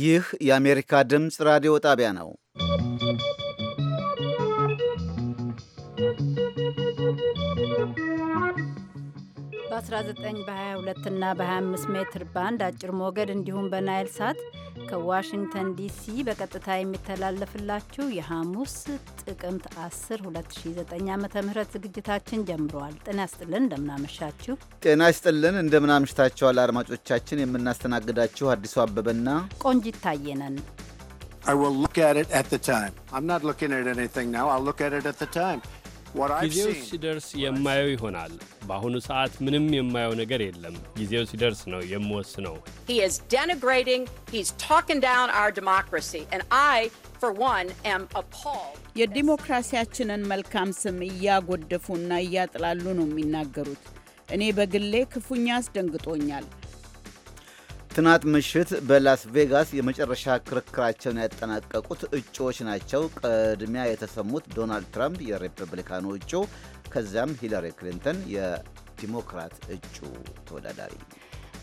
ይህ የአሜሪካ ድምፅ ራዲዮ ጣቢያ ነው። በ19 በ22 እና በ25 ሜትር ባንድ አጭር ሞገድ እንዲሁም በናይል ሳት ከዋሽንግተን ዲሲ በቀጥታ የሚተላለፍላችሁ የሐሙስ ጥቅምት 10 2009 ዓ ም ዝግጅታችን ጀምረዋል። ጤና ይስጥልን እንደምናመሻችሁ። ጤና ይስጥልን እንደምናምሽታችኋል አድማጮቻችን። የምናስተናግዳችሁ አዲሱ አበበና ቆንጂት ታየ I will look at it at the time. I'm not looking at anything now. I'll look at it at the time. ጊዜው ሲደርስ የማየው ይሆናል። በአሁኑ ሰዓት ምንም የማየው ነገር የለም። ጊዜው ሲደርስ ነው የምወስነው። የዲሞክራሲያችንን መልካም ስም እያጎደፉና እያጥላሉ ነው የሚናገሩት። እኔ በግሌ ክፉኛ አስደንግጦኛል። ትናንት ምሽት በላስ ቬጋስ የመጨረሻ ክርክራቸውን ያጠናቀቁት እጩዎች ናቸው። ቅድሚያ የተሰሙት ዶናልድ ትራምፕ የሪፐብሊካኑ እጩ፣ ከዚያም ሂላሪ ክሊንተን የዲሞክራት እጩ ተወዳዳሪ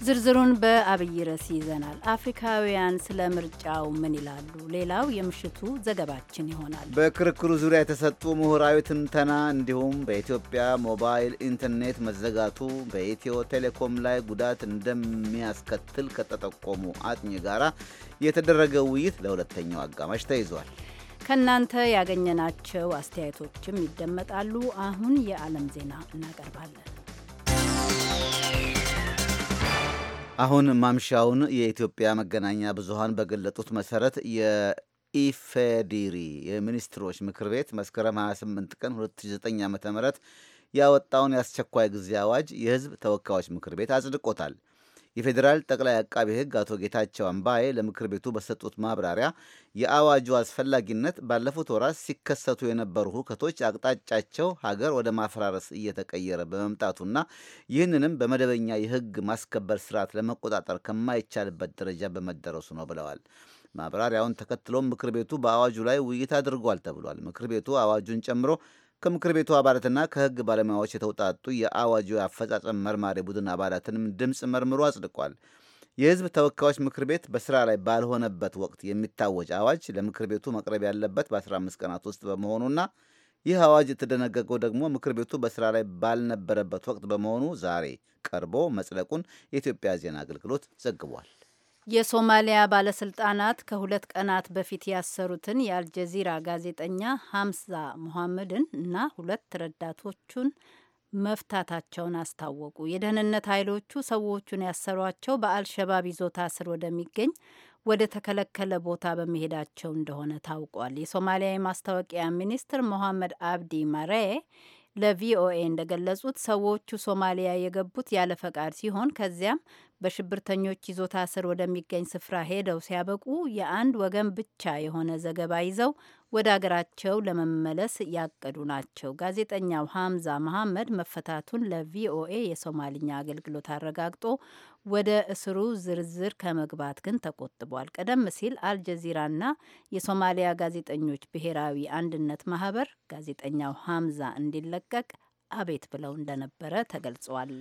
ዝርዝሩን በአብይ ርዕስ ይዘናል። አፍሪካውያን ስለ ምርጫው ምን ይላሉ? ሌላው የምሽቱ ዘገባችን ይሆናል። በክርክሩ ዙሪያ የተሰጡ ምሁራዊ ትንተና እንዲሁም በኢትዮጵያ ሞባይል ኢንተርኔት መዘጋቱ በኢትዮ ቴሌኮም ላይ ጉዳት እንደሚያስከትል ከተጠቆሙ አጥኚ ጋራ የተደረገ ውይይት ለሁለተኛው አጋማሽ ተይዟል። ከእናንተ ያገኘናቸው አስተያየቶችም ይደመጣሉ። አሁን የዓለም ዜና እናቀርባለን። አሁን ማምሻውን የኢትዮጵያ መገናኛ ብዙሃን በገለጡት መሰረት የኢፌዲሪ የሚኒስትሮች ምክር ቤት መስከረም 28 ቀን 2009 ዓ.ም ያወጣውን የአስቸኳይ ጊዜ አዋጅ የህዝብ ተወካዮች ምክር ቤት አጽድቆታል። የፌዴራል ጠቅላይ አቃቢ ሕግ አቶ ጌታቸው አምባዬ ለምክር ቤቱ በሰጡት ማብራሪያ የአዋጁ አስፈላጊነት ባለፉት ወራት ሲከሰቱ የነበሩ ሁከቶች አቅጣጫቸው ሀገር ወደ ማፈራረስ እየተቀየረ በመምጣቱና ይህንንም በመደበኛ የሕግ ማስከበር ስርዓት ለመቆጣጠር ከማይቻልበት ደረጃ በመደረሱ ነው ብለዋል። ማብራሪያውን ተከትሎም ምክር ቤቱ በአዋጁ ላይ ውይይት አድርጓል ተብሏል። ምክር ቤቱ አዋጁን ጨምሮ ከምክር ቤቱ አባላትና ከህግ ባለሙያዎች የተውጣጡ የአዋጁ አፈጻጸም መርማሪ ቡድን አባላትንም ድምፅ መርምሮ አጽድቋል። የህዝብ ተወካዮች ምክር ቤት በስራ ላይ ባልሆነበት ወቅት የሚታወጅ አዋጅ ለምክር ቤቱ መቅረብ ያለበት በ15 ቀናት ውስጥ በመሆኑና ይህ አዋጅ የተደነገገው ደግሞ ምክር ቤቱ በስራ ላይ ባልነበረበት ወቅት በመሆኑ ዛሬ ቀርቦ መጽደቁን የኢትዮጵያ ዜና አገልግሎት ዘግቧል። የሶማሊያ ባለስልጣናት ከሁለት ቀናት በፊት ያሰሩትን የአልጀዚራ ጋዜጠኛ ሀምዛ ሙሐመድን እና ሁለት ረዳቶቹን መፍታታቸውን አስታወቁ። የደህንነት ኃይሎቹ ሰዎቹን ያሰሯቸው በአልሸባብ ይዞታ ስር ወደሚገኝ ወደ ተከለከለ ቦታ በመሄዳቸው እንደሆነ ታውቋል። የሶማሊያ የማስታወቂያ ሚኒስትር ሞሐመድ አብዲ ማሬ ለቪኦኤ እንደገለጹት ሰዎቹ ሶማሊያ የገቡት ያለ ፈቃድ ሲሆን ከዚያም በሽብርተኞች ይዞታ ስር ወደሚገኝ ስፍራ ሄደው ሲያበቁ የአንድ ወገን ብቻ የሆነ ዘገባ ይዘው ወደ አገራቸው ለመመለስ ያቀዱ ናቸው። ጋዜጠኛው ሀምዛ መሐመድ መፈታቱን ለቪኦኤ የሶማልኛ አገልግሎት አረጋግጦ ወደ እስሩ ዝርዝር ከመግባት ግን ተቆጥቧል። ቀደም ሲል አልጀዚራና የሶማሊያ ጋዜጠኞች ብሔራዊ አንድነት ማህበር ጋዜጠኛው ሀምዛ እንዲለቀቅ አቤት ብለው እንደነበረ ተገልጿል።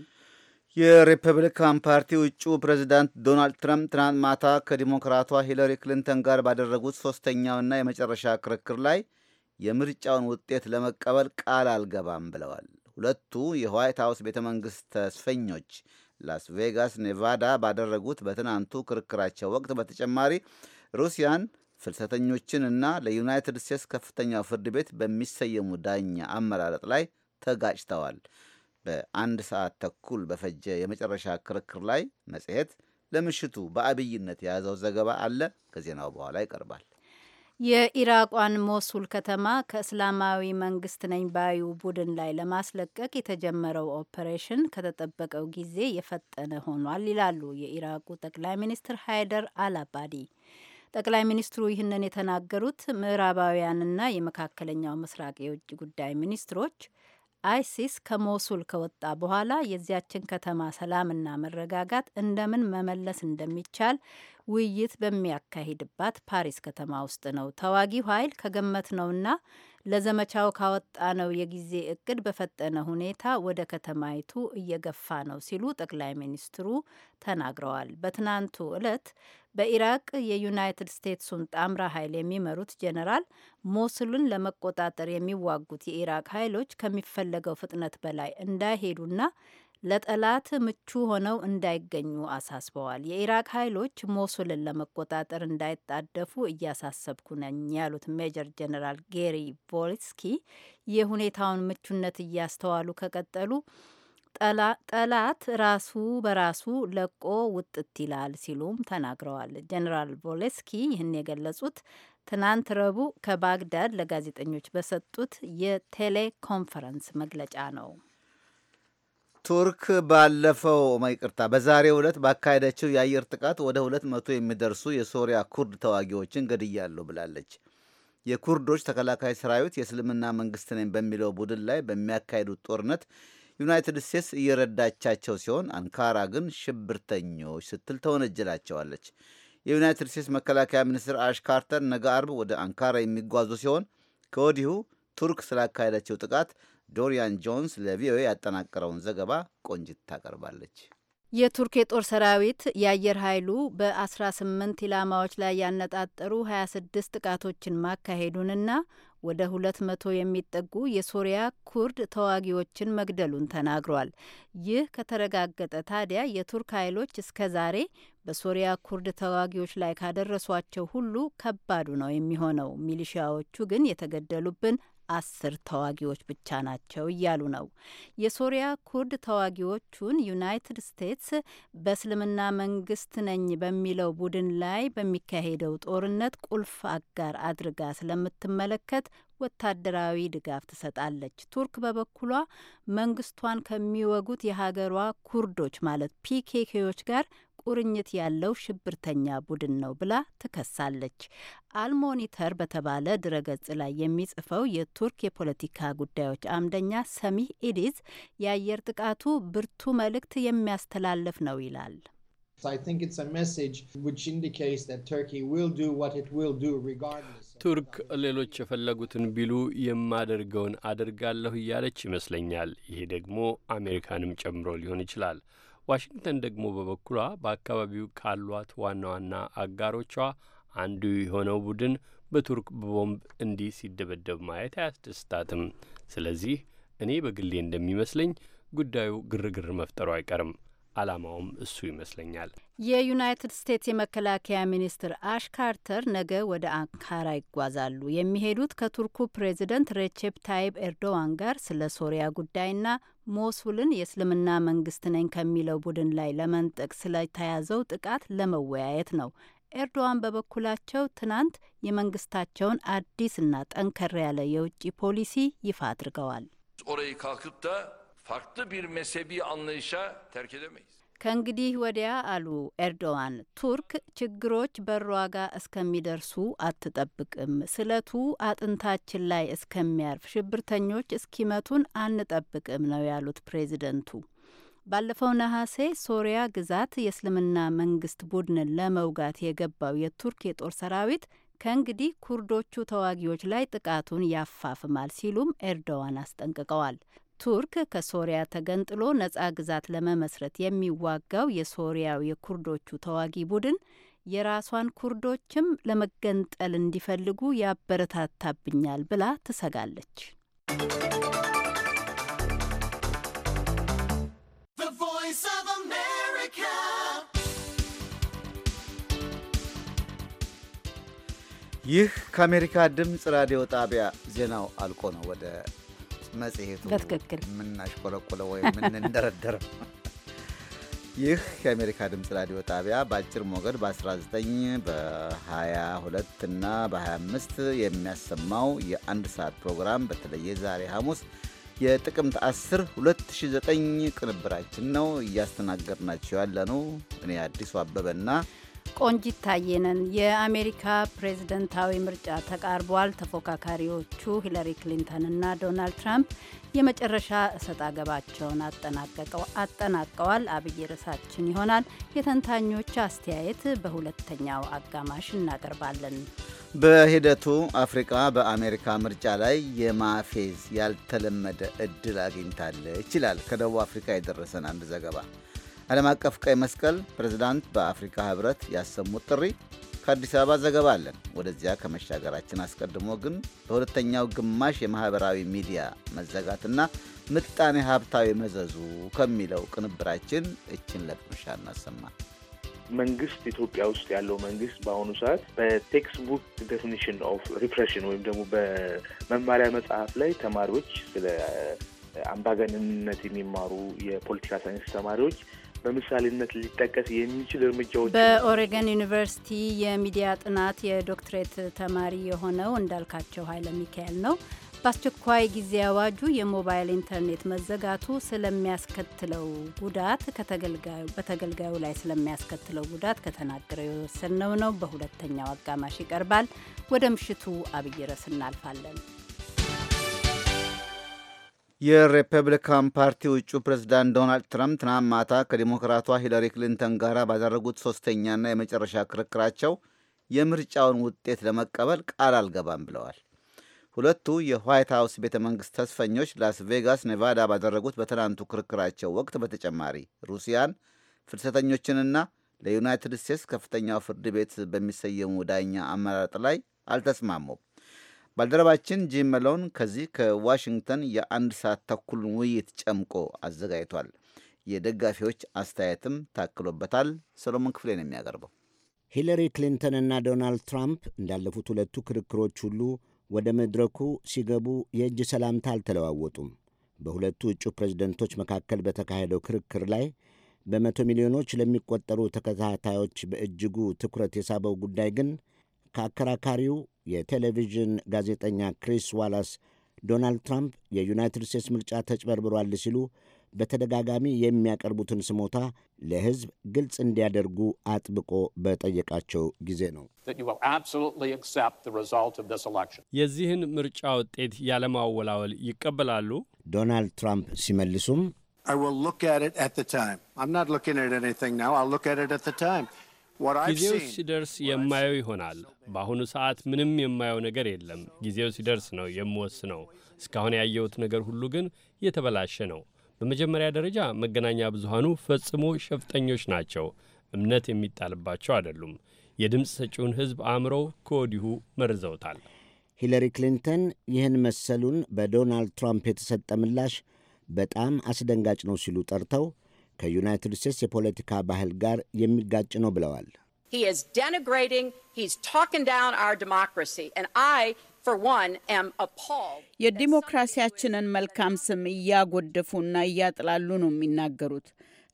የሪፐብሊካን ፓርቲ ውጩ ፕሬዚዳንት ዶናልድ ትራምፕ ትናንት ማታ ከዲሞክራቷ ሂለሪ ክሊንተን ጋር ባደረጉት ሶስተኛውና የመጨረሻ ክርክር ላይ የምርጫውን ውጤት ለመቀበል ቃል አልገባም ብለዋል። ሁለቱ የዋይት ሀውስ ቤተ መንግስት ተስፈኞች ላስ ቬጋስ ኔቫዳ ባደረጉት በትናንቱ ክርክራቸው ወቅት በተጨማሪ ሩሲያን ፍልሰተኞችንና ለዩናይትድ ስቴትስ ከፍተኛው ፍርድ ቤት በሚሰየሙ ዳኛ አመራረጥ ላይ ተጋጭተዋል። በአንድ ሰዓት ተኩል በፈጀ የመጨረሻ ክርክር ላይ መጽሔት ለምሽቱ በአብይነት የያዘው ዘገባ አለ። ከዜናው በኋላ ይቀርባል። የኢራቋን ሞሱል ከተማ ከእስላማዊ መንግስት ነኝ ባዩ ቡድን ላይ ለማስለቀቅ የተጀመረው ኦፐሬሽን ከተጠበቀው ጊዜ የፈጠነ ሆኗል ይላሉ የኢራቁ ጠቅላይ ሚኒስትር ሃይደር አልአባዲ። ጠቅላይ ሚኒስትሩ ይህንን የተናገሩት ምዕራባውያንና የመካከለኛው ምስራቅ የውጭ ጉዳይ ሚኒስትሮች አይሲስ ከሞሱል ከወጣ በኋላ የዚያችን ከተማ ሰላምና መረጋጋት እንደምን መመለስ እንደሚቻል ውይይት በሚያካሂድባት ፓሪስ ከተማ ውስጥ ነው። ተዋጊው ኃይል ከገመት ነውና ለዘመቻው ካወጣነው የጊዜ እቅድ በፈጠነ ሁኔታ ወደ ከተማይቱ እየገፋ ነው ሲሉ ጠቅላይ ሚኒስትሩ ተናግረዋል። በትናንቱ ዕለት በኢራቅ የዩናይትድ ስቴትሱን ጣምራ ኃይል የሚመሩት ጀነራል ሞሱልን ለመቆጣጠር የሚዋጉት የኢራቅ ኃይሎች ከሚፈለገው ፍጥነት በላይ እንዳይሄዱና ለጠላት ምቹ ሆነው እንዳይገኙ አሳስበዋል። የኢራቅ ኃይሎች ሞሱልን ለመቆጣጠር እንዳይጣደፉ እያሳሰብኩ ነኝ ያሉት ሜጀር ጀነራል ጌሪ ቦልስኪ የሁኔታውን ምቹነት እያስተዋሉ ከቀጠሉ ጠላት ራሱ በራሱ ለቆ ውጥት ይላል ሲሉም ተናግረዋል። ጀኔራል ቮሌስኪ ይህን የገለጹት ትናንት ረቡዕ ከባግዳድ ለጋዜጠኞች በሰጡት የቴሌኮንፈረንስ መግለጫ ነው። ቱርክ ባለፈው ይቅርታ፣ በዛሬው ዕለት ባካሄደችው የአየር ጥቃት ወደ ሁለት መቶ የሚደርሱ የሶሪያ ኩርድ ተዋጊዎችን ገድያለሁ ብላለች። የኩርዶች ተከላካይ ሰራዊት የእስልምና መንግስት ነኝ በሚለው ቡድን ላይ በሚያካሄዱት ጦርነት ዩናይትድ ስቴትስ እየረዳቻቸው ሲሆን አንካራ ግን ሽብርተኞች ስትል ተወነጅላቸዋለች። የዩናይትድ ስቴትስ መከላከያ ሚኒስትር አሽ ካርተር ነገ አርብ ወደ አንካራ የሚጓዙ ሲሆን ከወዲሁ ቱርክ ስላካሄደችው ጥቃት ዶሪያን ጆንስ ለቪኦኤ ያጠናቀረውን ዘገባ ቆንጅት ታቀርባለች። የቱርክ የጦር ሰራዊት የአየር ኃይሉ በ18 ኢላማዎች ላይ ያነጣጠሩ 26 ጥቃቶችን ማካሄዱንና ወደ ሁለት መቶ የሚጠጉ የሶሪያ ኩርድ ተዋጊዎችን መግደሉን ተናግሯል። ይህ ከተረጋገጠ ታዲያ የቱርክ ኃይሎች እስከ ዛሬ በሶሪያ ኩርድ ተዋጊዎች ላይ ካደረሷቸው ሁሉ ከባዱ ነው የሚሆነው። ሚሊሺያዎቹ ግን የተገደሉብን አስር ተዋጊዎች ብቻ ናቸው እያሉ ነው። የሶሪያ ኩርድ ተዋጊዎቹን ዩናይትድ ስቴትስ በእስልምና መንግስት ነኝ በሚለው ቡድን ላይ በሚካሄደው ጦርነት ቁልፍ አጋር አድርጋ ስለምትመለከት ወታደራዊ ድጋፍ ትሰጣለች። ቱርክ በበኩሏ መንግስቷን ከሚወጉት የሀገሯ ኩርዶች ማለት ፒኬኬዎች ጋር ቁርኝት ያለው ሽብርተኛ ቡድን ነው ብላ ትከሳለች። አልሞኒተር በተባለ ድረገጽ ላይ የሚጽፈው የቱርክ የፖለቲካ ጉዳዮች አምደኛ ሰሚህ ኢዲዝ የአየር ጥቃቱ ብርቱ መልእክት የሚያስተላልፍ ነው ይላል። ቱርክ ሌሎች የፈለጉትን ቢሉ የማደርገውን አደርጋለሁ እያለች ይመስለኛል። ይሄ ደግሞ አሜሪካንም ጨምሮ ሊሆን ይችላል። ዋሽንግተን ደግሞ በበኩሏ በአካባቢው ካሏት ዋና ዋና አጋሮቿ አንዱ የሆነው ቡድን በቱርክ በቦምብ እንዲህ ሲደበደብ ማየት አያስደስታትም። ስለዚህ እኔ በግሌ እንደሚመስለኝ ጉዳዩ ግርግር መፍጠሩ አይቀርም። አላማውም እሱ ይመስለኛል። የዩናይትድ ስቴትስ የመከላከያ ሚኒስትር አሽ ካርተር ነገ ወደ አንካራ ይጓዛሉ። የሚሄዱት ከቱርኩ ፕሬዚደንት ሬቼፕ ታይብ ኤርዶዋን ጋር ስለ ሶሪያ ጉዳይና ሞሱልን የእስልምና መንግስት ነኝ ከሚለው ቡድን ላይ ለመንጠቅ ስለተያዘው ጥቃት ለመወያየት ነው። ኤርዶዋን በበኩላቸው ትናንት የመንግስታቸውን አዲስና ጠንከር ያለ የውጭ ፖሊሲ ይፋ አድርገዋል። farklı bir mezhebi anlayışa terk edemeyiz። ከእንግዲህ ወዲያ አሉ ኤርዶዋን፣ ቱርክ ችግሮች በሯ ጋር እስከሚደርሱ አትጠብቅም፣ ስለቱ አጥንታችን ላይ እስከሚያርፍ ሽብርተኞች እስኪመቱን አንጠብቅም ነው ያሉት ፕሬዚደንቱ። ባለፈው ነሐሴ ሶሪያ ግዛት የእስልምና መንግስት ቡድንን ለመውጋት የገባው የቱርክ የጦር ሰራዊት ከእንግዲህ ኩርዶቹ ተዋጊዎች ላይ ጥቃቱን ያፋፍማል ሲሉም ኤርዶዋን አስጠንቅቀዋል። ቱርክ ከሶሪያ ተገንጥሎ ነጻ ግዛት ለመመስረት የሚዋጋው የሶሪያው የኩርዶቹ ተዋጊ ቡድን የራሷን ኩርዶችም ለመገንጠል እንዲፈልጉ ያበረታታብኛል ብላ ትሰጋለች። ይህ ከአሜሪካ ድምፅ ራዲዮ ጣቢያ ዜናው አልቆ ነው ወደ መጽሔቱ በትክክል የምናሽቆለቆለው ወይም የምንደረደረው። ይህ የአሜሪካ ድምፅ ራዲዮ ጣቢያ በአጭር ሞገድ በ19 በ22 እና በ25 የሚያሰማው የአንድ ሰዓት ፕሮግራም በተለየ ዛሬ ሐሙስ የጥቅምት 10 2009 ቅንብራችን ነው። እያስተናገድናቸው ያለ ነው እኔ አዲሱ አበበና ቆንጂት ታየነን። የአሜሪካ ፕሬዝደንታዊ ምርጫ ተቃርቧል። ተፎካካሪዎቹ ሂለሪ እና ዶናልድ ትራምፕ የመጨረሻ እሰጥ አገባቸውን አጠናቀዋል። አብይ ርዕሳችን ይሆናል። የተንታኞች አስተያየት በሁለተኛው አጋማሽ እናቀርባለን። በሂደቱ አፍሪቃ በአሜሪካ ምርጫ ላይ የማፌዝ ያልተለመደ እድል አግኝታለች ይላል ከደቡብ አፍሪካ የደረሰን አንድ ዘገባ። ዓለም አቀፍ ቀይ መስቀል ፕሬዝዳንት በአፍሪካ ህብረት ያሰሙት ጥሪ ከአዲስ አበባ ዘገባ አለን። ወደዚያ ከመሻገራችን አስቀድሞ ግን በሁለተኛው ግማሽ የማኅበራዊ ሚዲያ መዘጋትና ምጣኔ ሀብታዊ መዘዙ ከሚለው ቅንብራችን እችን ለቅምሻ እናሰማ። መንግስት ኢትዮጵያ ውስጥ ያለው መንግስት በአሁኑ ሰዓት በቴክስትቡክ ዴፊኒሽን ኦፍ ሪፕሬሽን ወይም ደግሞ በመማሪያ መጽሐፍ ላይ ተማሪዎች ስለ አምባገንነት የሚማሩ የፖለቲካ ሳይንስ ተማሪዎች በምሳሌነት ሊጠቀስ የሚችል እርምጃዎች በኦሬገን ዩኒቨርሲቲ የሚዲያ ጥናት የዶክትሬት ተማሪ የሆነው እንዳልካቸው ኃይለ ሚካኤል ነው። በአስቸኳይ ጊዜ አዋጁ የሞባይል ኢንተርኔት መዘጋቱ ስለሚያስከትለው ጉዳት በተገልጋዩ ላይ ስለሚያስከትለው ጉዳት ከተናገረው የወሰነው ነው። በሁለተኛው አጋማሽ ይቀርባል። ወደ ምሽቱ አብይ ርዕስ እናልፋለን። የሪፐብሊካን ፓርቲ ውጩ ፕሬዝዳንት ዶናልድ ትራምፕ ትናንት ማታ ከዲሞክራቷ ሂለሪ ክሊንተን ጋር ባደረጉት ሶስተኛና የመጨረሻ ክርክራቸው የምርጫውን ውጤት ለመቀበል ቃል አልገባም ብለዋል። ሁለቱ የዋይት ሀውስ ቤተ መንግሥት ተስፈኞች ላስ ቬጋስ ኔቫዳ ባደረጉት በትናንቱ ክርክራቸው ወቅት በተጨማሪ ሩሲያን፣ ፍልሰተኞችንና ለዩናይትድ ስቴትስ ከፍተኛው ፍርድ ቤት በሚሰየሙ ዳኛ አመራረጥ ላይ አልተስማሙም። ባልደረባችን ጂም መሎን ከዚህ ከዋሽንግተን የአንድ ሰዓት ተኩል ውይይት ጨምቆ አዘጋጅቷል። የደጋፊዎች አስተያየትም ታክሎበታል። ሰሎሞን ክፍሌ ነው የሚያቀርበው። ሂለሪ እና ዶናልድ ትራምፕ እንዳለፉት ሁለቱ ክርክሮች ሁሉ ወደ መድረኩ ሲገቡ የእጅ ሰላምታ አልተለዋወጡም። በሁለቱ እጩ ፕሬዝደንቶች መካከል በተካሄደው ክርክር ላይ በመቶ ሚሊዮኖች ለሚቆጠሩ ተከታታዮች በእጅጉ ትኩረት የሳበው ጉዳይ ግን ከአከራካሪው የቴሌቪዥን ጋዜጠኛ ክሪስ ዋላስ ዶናልድ ትራምፕ የዩናይትድ ስቴትስ ምርጫ ተጭበርብሯል ሲሉ በተደጋጋሚ የሚያቀርቡትን ስሞታ ለሕዝብ ግልጽ እንዲያደርጉ አጥብቆ በጠየቃቸው ጊዜ ነው። የዚህን ምርጫ ውጤት ያለማወላወል ይቀበላሉ? ዶናልድ ትራምፕ ሲመልሱም ጊዜው ሲደርስ የማየው ይሆናል። በአሁኑ ሰዓት ምንም የማየው ነገር የለም። ጊዜው ሲደርስ ነው የምወስነው። እስካሁን ያየሁት ነገር ሁሉ ግን የተበላሸ ነው። በመጀመሪያ ደረጃ መገናኛ ብዙሃኑ ፈጽሞ ሸፍጠኞች ናቸው። እምነት የሚጣልባቸው አይደሉም። የድምፅ ሰጪውን ሕዝብ አእምሮ ከወዲሁ መርዘውታል። ሂለሪ ክሊንተን ይህን መሰሉን በዶናልድ ትራምፕ የተሰጠ ምላሽ በጣም አስደንጋጭ ነው ሲሉ ጠርተው ከዩናይትድ ስቴትስ የፖለቲካ ባህል ጋር የሚጋጭ ነው ብለዋል። የዲሞክራሲያችንን መልካም ስም እያጎደፉና እያጥላሉ ነው የሚናገሩት።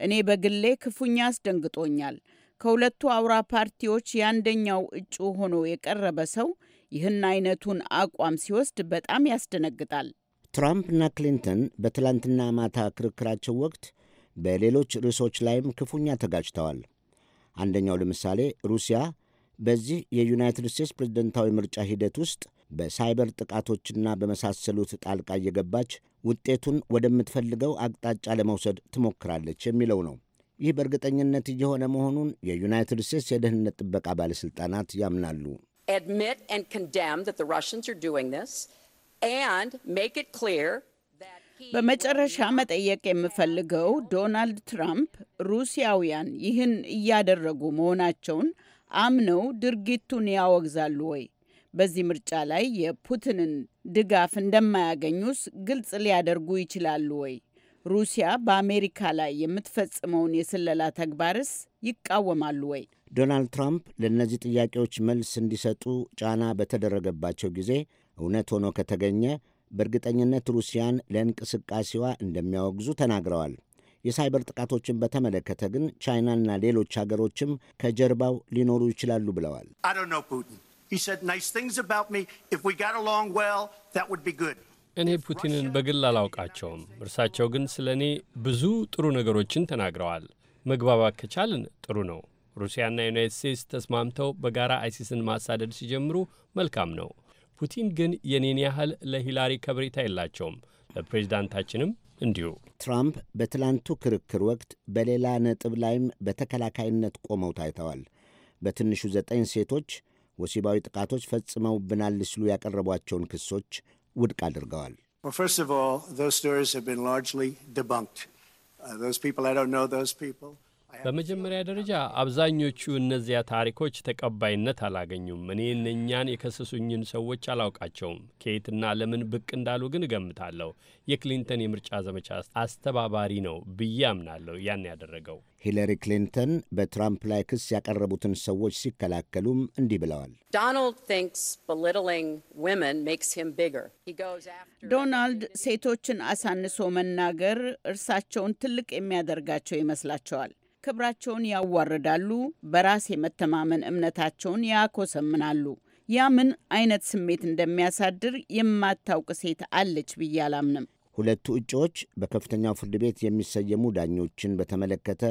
እኔ በግሌ ክፉኛ አስደንግጦኛል። ከሁለቱ አውራ ፓርቲዎች የአንደኛው እጩ ሆኖ የቀረበ ሰው ይህን አይነቱን አቋም ሲወስድ በጣም ያስደነግጣል። ትራምፕና ክሊንተን በትላንትና ማታ ክርክራቸው ወቅት በሌሎች ርዕሶች ላይም ክፉኛ ተጋጭተዋል። አንደኛው ለምሳሌ ሩሲያ በዚህ የዩናይትድ ስቴትስ ፕሬዝደንታዊ ምርጫ ሂደት ውስጥ በሳይበር ጥቃቶችና በመሳሰሉት ጣልቃ እየገባች ውጤቱን ወደምትፈልገው አቅጣጫ ለመውሰድ ትሞክራለች የሚለው ነው። ይህ በእርግጠኝነት እየሆነ መሆኑን የዩናይትድ ስቴትስ የደህንነት ጥበቃ ባለሥልጣናት ያምናሉ። admit and condemn that the Russians are doing this and make it clear በመጨረሻ መጠየቅ የምፈልገው ዶናልድ ትራምፕ ሩሲያውያን ይህን እያደረጉ መሆናቸውን አምነው ድርጊቱን ያወግዛሉ ወይ? በዚህ ምርጫ ላይ የፑቲንን ድጋፍ እንደማያገኙስ ግልጽ ሊያደርጉ ይችላሉ ወይ? ሩሲያ በአሜሪካ ላይ የምትፈጽመውን የስለላ ተግባርስ ይቃወማሉ ወይ? ዶናልድ ትራምፕ ለእነዚህ ጥያቄዎች መልስ እንዲሰጡ ጫና በተደረገባቸው ጊዜ እውነት ሆኖ ከተገኘ በእርግጠኝነት ሩሲያን ለእንቅስቃሴዋ እንደሚያወግዙ ተናግረዋል። የሳይበር ጥቃቶችን በተመለከተ ግን ቻይናና ሌሎች ሀገሮችም ከጀርባው ሊኖሩ ይችላሉ ብለዋል። እኔ ፑቲንን በግል አላውቃቸውም። እርሳቸው ግን ስለ እኔ ብዙ ጥሩ ነገሮችን ተናግረዋል። መግባባት ከቻልን ጥሩ ነው። ሩሲያና ዩናይትድ ስቴትስ ተስማምተው በጋራ አይሲስን ማሳደድ ሲጀምሩ መልካም ነው። ፑቲን ግን የኔን ያህል ለሂላሪ ከብሬታ የላቸውም። ለፕሬዝዳንታችንም እንዲሁ። ትራምፕ በትላንቱ ክርክር ወቅት በሌላ ነጥብ ላይም በተከላካይነት ቆመው ታይተዋል። በትንሹ ዘጠኝ ሴቶች ወሲባዊ ጥቃቶች ፈጽመውብናል ሲሉ ያቀረቧቸውን ክሶች ውድቅ አድርገዋል። በመጀመሪያ ደረጃ አብዛኞቹ እነዚያ ታሪኮች ተቀባይነት አላገኙም። እኔ እነኛን የከሰሱኝን ሰዎች አላውቃቸውም። ከየትና ለምን ብቅ እንዳሉ ግን እገምታለሁ። የክሊንተን የምርጫ ዘመቻ አስተባባሪ ነው ብዬ አምናለሁ። ያን ያደረገው ሂለሪ ክሊንተን በትራምፕ ላይ ክስ ያቀረቡትን ሰዎች ሲከላከሉም እንዲህ ብለዋል። ዶናልድ ሴቶችን አሳንሶ መናገር እርሳቸውን ትልቅ የሚያደርጋቸው ይመስላቸዋል። ክብራቸውን ያዋርዳሉ፣ በራስ የመተማመን እምነታቸውን ያኮሰምናሉ። ያ ምን አይነት ስሜት እንደሚያሳድር የማታውቅ ሴት አለች ብዬ አላምንም። ሁለቱ እጩዎች በከፍተኛው ፍርድ ቤት የሚሰየሙ ዳኞችን በተመለከተ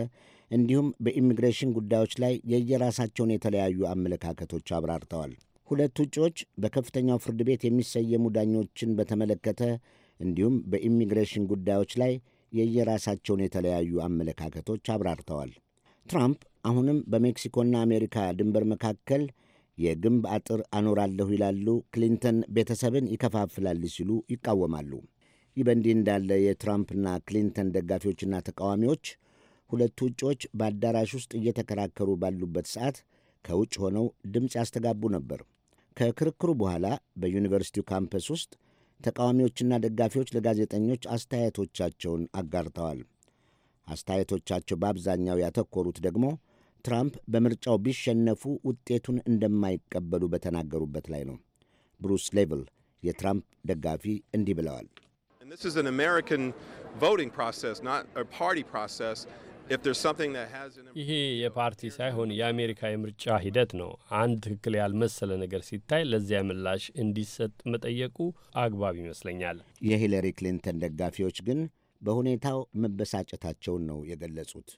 እንዲሁም በኢሚግሬሽን ጉዳዮች ላይ የየራሳቸውን የተለያዩ አመለካከቶች አብራርተዋል። ሁለቱ እጩዎች በከፍተኛው ፍርድ ቤት የሚሰየሙ ዳኞችን በተመለከተ እንዲሁም በኢሚግሬሽን ጉዳዮች ላይ የየራሳቸውን የተለያዩ አመለካከቶች አብራርተዋል። ትራምፕ አሁንም በሜክሲኮና አሜሪካ ድንበር መካከል የግንብ አጥር አኖራለሁ ይላሉ፣ ክሊንተን ቤተሰብን ይከፋፍላል ሲሉ ይቃወማሉ። ይህ በእንዲህ እንዳለ የትራምፕና ክሊንተን ደጋፊዎችና ተቃዋሚዎች ሁለቱ ውጮች በአዳራሽ ውስጥ እየተከራከሩ ባሉበት ሰዓት ከውጭ ሆነው ድምፅ ያስተጋቡ ነበር። ከክርክሩ በኋላ በዩኒቨርሲቲው ካምፐስ ውስጥ ተቃዋሚዎችና ደጋፊዎች ለጋዜጠኞች አስተያየቶቻቸውን አጋርተዋል። አስተያየቶቻቸው በአብዛኛው ያተኮሩት ደግሞ ትራምፕ በምርጫው ቢሸነፉ ውጤቱን እንደማይቀበሉ በተናገሩበት ላይ ነው። ብሩስ ሌቭል የትራምፕ ደጋፊ እንዲህ ብለዋል። ይሄ የፓርቲ ሳይሆን የአሜሪካ የምርጫ ሂደት ነው። አንድ ትክክል ያልመሰለ ነገር ሲታይ ለዚያ ምላሽ እንዲሰጥ መጠየቁ አግባብ ይመስለኛል። የሂለሪ ክሊንተን ደጋፊዎች ግን በሁኔታው መበሳጨታቸውን ነው የገለጹት።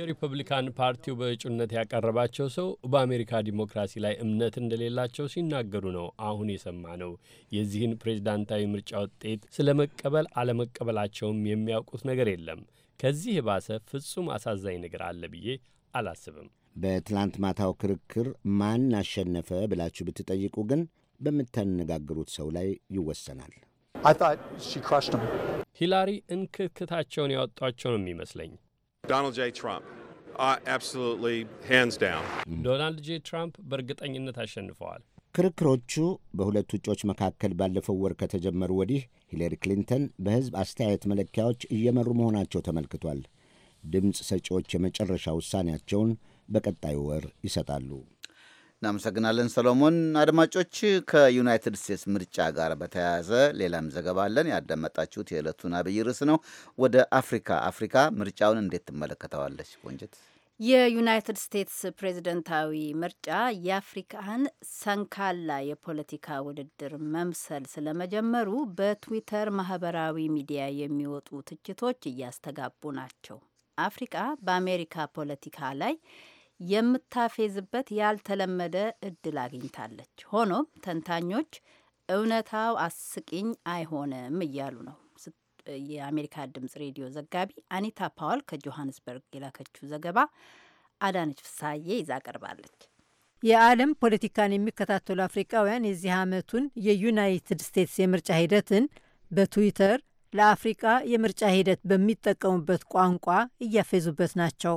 የሪፐብሊካን ፓርቲው በእጩነት ያቀረባቸው ሰው በአሜሪካ ዲሞክራሲ ላይ እምነት እንደሌላቸው ሲናገሩ ነው አሁን የሰማ ነው። የዚህን ፕሬዝዳንታዊ ምርጫ ውጤት ስለ መቀበል አለመቀበላቸውም የሚያውቁት ነገር የለም። ከዚህ የባሰ ፍጹም አሳዛኝ ነገር አለ ብዬ አላስብም። በትላንት ማታው ክርክር ማን አሸነፈ ብላችሁ ብትጠይቁ ግን በምታነጋግሩት ሰው ላይ ይወሰናል። ሂላሪ እንክክታቸውን ያወጧቸው ነው የሚመስለኝ። uh, ዶናልድ ጄ ትራምፕ በእርግጠኝነት አሸንፈዋል። ክርክሮቹ በሁለቱ እጩዎች መካከል ባለፈው ወር ከተጀመሩ ወዲህ ሂለሪ ክሊንተን በሕዝብ አስተያየት መለኪያዎች እየመሩ መሆናቸው ተመልክቷል። ድምፅ ሰጪዎች የመጨረሻ ውሳኔያቸውን በቀጣዩ ወር ይሰጣሉ። እናመሰግናለን ሰሎሞን። አድማጮች ከዩናይትድ ስቴትስ ምርጫ ጋር በተያያዘ ሌላም ዘገባ አለን። ያዳመጣችሁት የዕለቱን አብይ ርዕስ ነው። ወደ አፍሪካ አፍሪካ ምርጫውን እንዴት ትመለከተዋለች ቆንጅት? የዩናይትድ ስቴትስ ፕሬዝደንታዊ ምርጫ የአፍሪካን ሰንካላ የፖለቲካ ውድድር መምሰል ስለመጀመሩ በትዊተር ማህበራዊ ሚዲያ የሚወጡ ትችቶች እያስተጋቡ ናቸው። አፍሪካ በአሜሪካ ፖለቲካ ላይ የምታፌዝበት ያልተለመደ እድል አግኝታለች። ሆኖም ተንታኞች እውነታው አስቂኝ አይሆንም እያሉ ነው። የአሜሪካ ድምጽ ሬዲዮ ዘጋቢ አኒታ ፓዋል ከጆሃንስበርግ የላከችው ዘገባ አዳነች ፍሳዬ ይዛ ቀርባለች። የዓለም ፖለቲካን የሚከታተሉ አፍሪቃውያን የዚህ ዓመቱን የዩናይትድ ስቴትስ የምርጫ ሂደትን በትዊተር ለአፍሪቃ የምርጫ ሂደት በሚጠቀሙበት ቋንቋ እያፌዙበት ናቸው።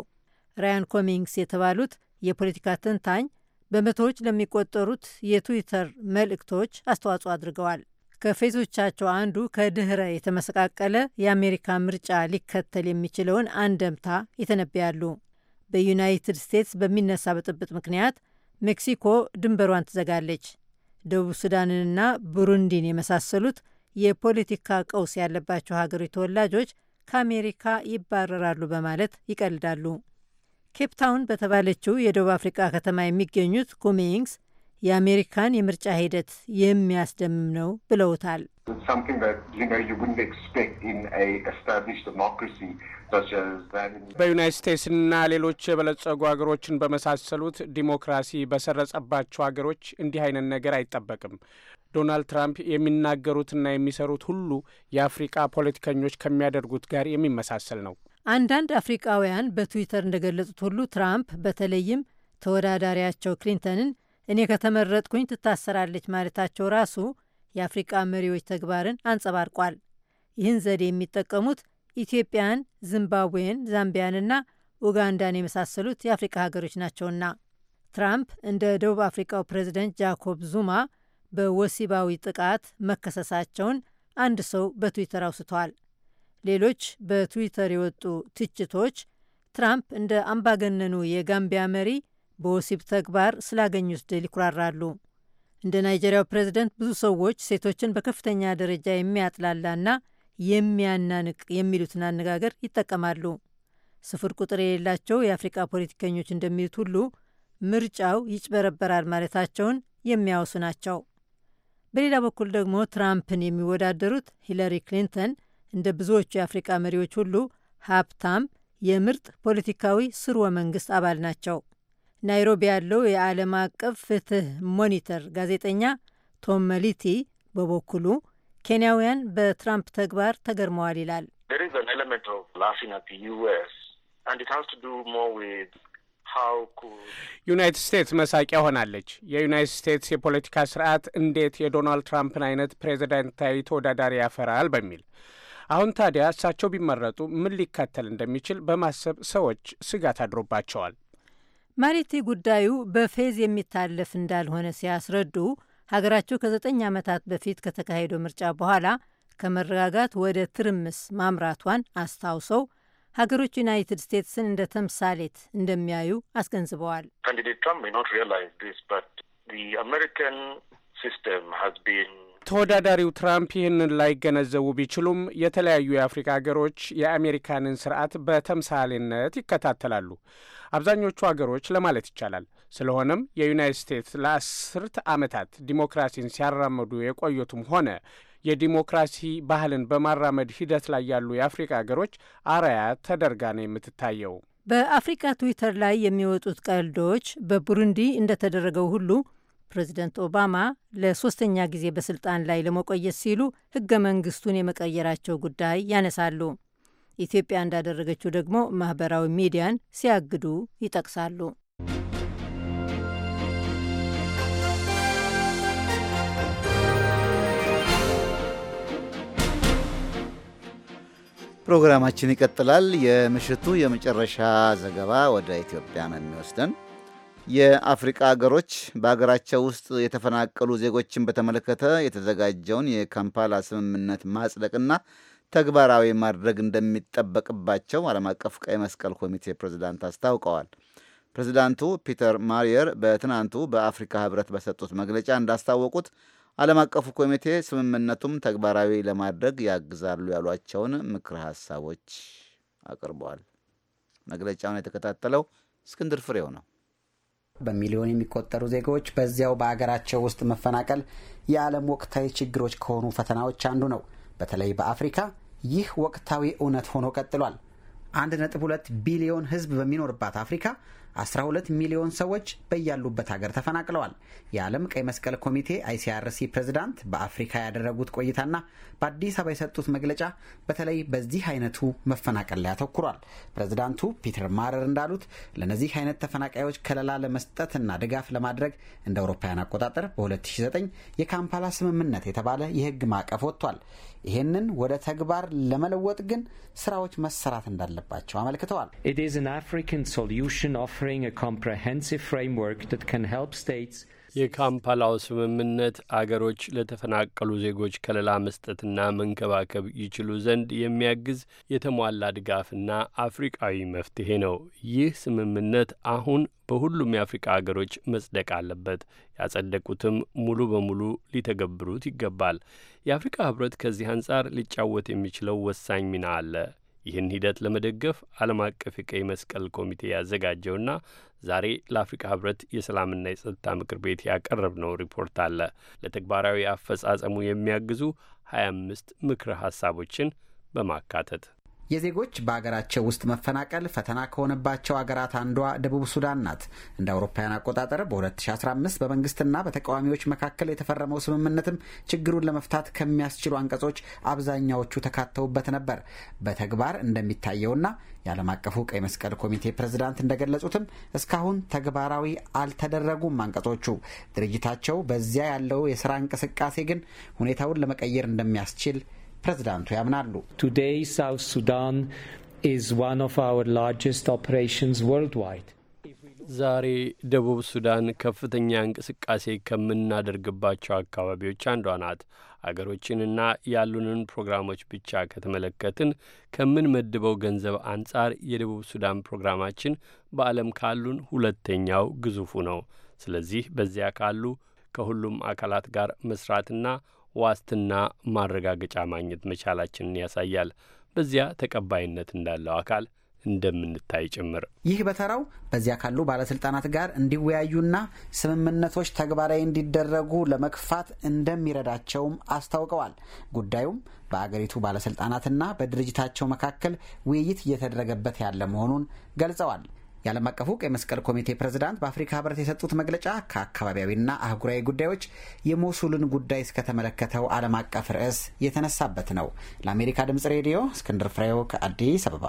ራያን ኮሚንግስ የተባሉት የፖለቲካ ተንታኝ በመቶዎች ለሚቆጠሩት የትዊተር መልእክቶች አስተዋጽኦ አድርገዋል። ከፌዞቻቸው አንዱ ከድህረ የተመሰቃቀለ የአሜሪካ ምርጫ ሊከተል የሚችለውን አንደምታ ይተነብያሉ። በዩናይትድ ስቴትስ በሚነሳ ብጥብጥ ምክንያት ሜክሲኮ ድንበሯን ትዘጋለች፣ ደቡብ ሱዳንንና ቡሩንዲን የመሳሰሉት የፖለቲካ ቀውስ ያለባቸው ሀገሮች ተወላጆች ከአሜሪካ ይባረራሉ በማለት ይቀልዳሉ። ኬፕታውን በተባለችው የደቡብ አፍሪቃ ከተማ የሚገኙት ኩሚንግስ የአሜሪካን የምርጫ ሂደት የሚያስደምም ነው ብለውታል። በዩናይት ስቴትስና ሌሎች የበለጸጉ ሀገሮችን በመሳሰሉት ዲሞክራሲ በሰረጸባቸው ሀገሮች እንዲህ አይነት ነገር አይጠበቅም። ዶናልድ ትራምፕ የሚናገሩትና የሚሰሩት ሁሉ የአፍሪቃ ፖለቲከኞች ከሚያደርጉት ጋር የሚመሳሰል ነው። አንዳንድ አፍሪቃውያን በትዊተር እንደገለጹት ሁሉ ትራምፕ በተለይም ተወዳዳሪያቸው ክሊንተንን እኔ ከተመረጥኩኝ ትታሰራለች ማለታቸው ራሱ የአፍሪቃ መሪዎች ተግባርን አንጸባርቋል። ይህን ዘዴ የሚጠቀሙት ኢትዮጵያን፣ ዚምባብዌን፣ ዛምቢያንና ኡጋንዳን የመሳሰሉት የአፍሪቃ ሀገሮች ናቸውና። ትራምፕ እንደ ደቡብ አፍሪቃው ፕሬዚደንት ጃኮብ ዙማ በወሲባዊ ጥቃት መከሰሳቸውን አንድ ሰው በትዊተር አውስቷል። ሌሎች በትዊተር የወጡ ትችቶች ትራምፕ እንደ አምባገነኑ የጋምቢያ መሪ በወሲብ ተግባር ስላገኙት ድል ይኩራራሉ። እንደ ናይጄሪያው ፕሬዝደንት ብዙ ሰዎች ሴቶችን በከፍተኛ ደረጃ የሚያጥላላና የሚያናንቅ የሚሉትን አነጋገር ይጠቀማሉ። ስፍር ቁጥር የሌላቸው የአፍሪቃ ፖለቲከኞች እንደሚሉት ሁሉ ምርጫው ይጭበረበራል ማለታቸውን የሚያወሱ ናቸው። በሌላ በኩል ደግሞ ትራምፕን የሚወዳደሩት ሂለሪ ክሊንተን እንደ ብዙዎቹ የአፍሪቃ መሪዎች ሁሉ ሀብታም የምርጥ ፖለቲካዊ ስርወ መንግስት አባል ናቸው። ናይሮቢ ያለው የዓለም አቀፍ ፍትህ ሞኒተር ጋዜጠኛ ቶም መሊቲ በበኩሉ ኬንያውያን በትራምፕ ተግባር ተገርመዋል ይላል። ዩናይትድ ስቴትስ መሳቂያ ሆናለች። የዩናይትድ ስቴትስ የፖለቲካ ስርዓት እንዴት የዶናልድ ትራምፕን አይነት ፕሬዚዳንታዊ ተወዳዳሪ ያፈራል በሚል አሁን ታዲያ እሳቸው ቢመረጡ ምን ሊከተል እንደሚችል በማሰብ ሰዎች ስጋት አድሮባቸዋል። ማሌቲ ጉዳዩ በፌዝ የሚታለፍ እንዳልሆነ ሲያስረዱ ሀገራቸው ከዘጠኝ ዓመታት በፊት ከተካሄደው ምርጫ በኋላ ከመረጋጋት ወደ ትርምስ ማምራቷን አስታውሰው ሀገሮች ዩናይትድ ስቴትስን እንደ ተምሳሌት እንደሚያዩ አስገንዝበዋል። ካንዲዴት ትራምፕ ኖት ሪያላይዝ ዲስ በት ዘ አሜሪካን ሲስተም ሀዝ ቢን ተወዳዳሪው ትራምፕ ይህንን ላይገነዘቡ ቢችሉም የተለያዩ የአፍሪካ ሀገሮች የአሜሪካንን ስርዓት በተምሳሌነት ይከታተላሉ፣ አብዛኞቹ ሀገሮች ለማለት ይቻላል። ስለሆነም የዩናይት ስቴትስ ለአስርት ዓመታት ዲሞክራሲን ሲያራመዱ የቆዩትም ሆነ የዲሞክራሲ ባህልን በማራመድ ሂደት ላይ ያሉ የአፍሪካ ሀገሮች አርአያ ተደርጋ ነው የምትታየው። በአፍሪካ ትዊተር ላይ የሚወጡት ቀልዶች በቡሩንዲ እንደተደረገው ሁሉ ፕሬዚደንት ኦባማ ለሶስተኛ ጊዜ በስልጣን ላይ ለመቆየት ሲሉ ህገ መንግስቱን የመቀየራቸው ጉዳይ ያነሳሉ። ኢትዮጵያ እንዳደረገችው ደግሞ ማህበራዊ ሚዲያን ሲያግዱ ይጠቅሳሉ። ፕሮግራማችን ይቀጥላል። የምሽቱ የመጨረሻ ዘገባ ወደ ኢትዮጵያ ነው የሚወስደን። የአፍሪቃ አገሮች በሀገራቸው ውስጥ የተፈናቀሉ ዜጎችን በተመለከተ የተዘጋጀውን የካምፓላ ስምምነት ማጽደቅና ተግባራዊ ማድረግ እንደሚጠበቅባቸው ዓለም አቀፍ ቀይ መስቀል ኮሚቴ ፕሬዚዳንት አስታውቀዋል። ፕሬዚዳንቱ ፒተር ማሪየር በትናንቱ በአፍሪካ ህብረት በሰጡት መግለጫ እንዳስታወቁት ዓለም አቀፉ ኮሚቴ ስምምነቱም ተግባራዊ ለማድረግ ያግዛሉ ያሏቸውን ምክር ሀሳቦች አቅርበዋል። መግለጫውን የተከታተለው እስክንድር ፍሬው ነው። በሚሊዮን የሚቆጠሩ ዜጎች በዚያው በአገራቸው ውስጥ መፈናቀል የዓለም ወቅታዊ ችግሮች ከሆኑ ፈተናዎች አንዱ ነው። በተለይ በአፍሪካ ይህ ወቅታዊ እውነት ሆኖ ቀጥሏል። 1.2 ቢሊዮን ሕዝብ በሚኖርባት አፍሪካ 12 ሚሊዮን ሰዎች በያሉበት ሀገር ተፈናቅለዋል። የዓለም ቀይ መስቀል ኮሚቴ አይሲአርሲ ፕሬዝዳንት በአፍሪካ ያደረጉት ቆይታና በአዲስ አበባ የሰጡት መግለጫ በተለይ በዚህ አይነቱ መፈናቀል ላይ አተኩሯል። ፕሬዝዳንቱ ፒተር ማረር እንዳሉት ለእነዚህ አይነት ተፈናቃዮች ከለላ ለመስጠትና ድጋፍ ለማድረግ እንደ አውሮፓውያን አቆጣጠር በ2009 የካምፓላ ስምምነት የተባለ የህግ ማዕቀፍ ወጥቷል። ይህንን ወደ ተግባር ለመለወጥ ግን ስራዎች መሰራት እንዳለባቸው አመልክተዋል። የካምፓላው ስምምነት አገሮች ለተፈናቀሉ ዜጎች ከለላ መስጠትና መንከባከብ ይችሉ ዘንድ የሚያግዝ የተሟላ ድጋፍና አፍሪቃዊ መፍትሄ ነው። ይህ ስምምነት አሁን በሁሉም የአፍሪቃ አገሮች መጽደቅ አለበት። ያጸደቁትም ሙሉ በሙሉ ሊተገብሩት ይገባል። የአፍሪካ ህብረት ከዚህ አንጻር ሊጫወት የሚችለው ወሳኝ ሚና አለ። ይህን ሂደት ለመደገፍ ዓለም አቀፍ የቀይ መስቀል ኮሚቴ ያዘጋጀውና ዛሬ ለአፍሪካ ህብረት የሰላምና የጸጥታ ምክር ቤት ያቀረብነው ሪፖርት አለ። ለተግባራዊ አፈጻጸሙ የሚያግዙ ሀያ አምስት ምክረ ሀሳቦችን በማካተት የዜጎች በሀገራቸው ውስጥ መፈናቀል ፈተና ከሆነባቸው ሀገራት አንዷ ደቡብ ሱዳን ናት። እንደ አውሮፓውያን አቆጣጠር በ2015 በመንግስትና በተቃዋሚዎች መካከል የተፈረመው ስምምነትም ችግሩን ለመፍታት ከሚያስችሉ አንቀጾች አብዛኛዎቹ ተካተውበት ነበር። በተግባር እንደሚታየውና የዓለም አቀፉ ቀይ መስቀል ኮሚቴ ፕሬዝዳንት እንደገለጹትም እስካሁን ተግባራዊ አልተደረጉም አንቀጾቹ። ድርጅታቸው በዚያ ያለው የስራ እንቅስቃሴ ግን ሁኔታውን ለመቀየር እንደሚያስችል ፕሬዝዳንቱ ያምናሉ። ቱዴይ ሳውት ሱዳን ኢዝ ዋን ኦፍ አወር ላርጀስት ኦፕሬሽንስ ወርልድ ዋይድ ዛሬ ደቡብ ሱዳን ከፍተኛ እንቅስቃሴ ከምናደርግባቸው አካባቢዎች አንዷ ናት። አገሮችንና ያሉንን ፕሮግራሞች ብቻ ከተመለከትን ከምን መድበው ገንዘብ አንጻር የደቡብ ሱዳን ፕሮግራማችን በዓለም ካሉን ሁለተኛው ግዙፉ ነው። ስለዚህ በዚያ ካሉ ከሁሉም አካላት ጋር መስራትና ዋስትና ማረጋገጫ ማግኘት መቻላችንን ያሳያል። በዚያ ተቀባይነት እንዳለው አካል እንደምንታይ ጭምር ይህ በተራው በዚያ ካሉ ባለስልጣናት ጋር እንዲወያዩና ስምምነቶች ተግባራዊ እንዲደረጉ ለመግፋት እንደሚረዳቸውም አስታውቀዋል። ጉዳዩም በአገሪቱ ባለስልጣናትና በድርጅታቸው መካከል ውይይት እየተደረገበት ያለ መሆኑን ገልጸዋል። የዓለም አቀፉ ቀይ መስቀል ኮሚቴ ፕሬዝዳንት በአፍሪካ ህብረት የሰጡት መግለጫ ከአካባቢያዊና አህጉራዊ ጉዳዮች የሞሱልን ጉዳይ እስከተመለከተው ዓለም አቀፍ ርዕስ የተነሳበት ነው። ለአሜሪካ ድምጽ ሬዲዮ እስክንድር ፍሬው ከአዲስ አበባ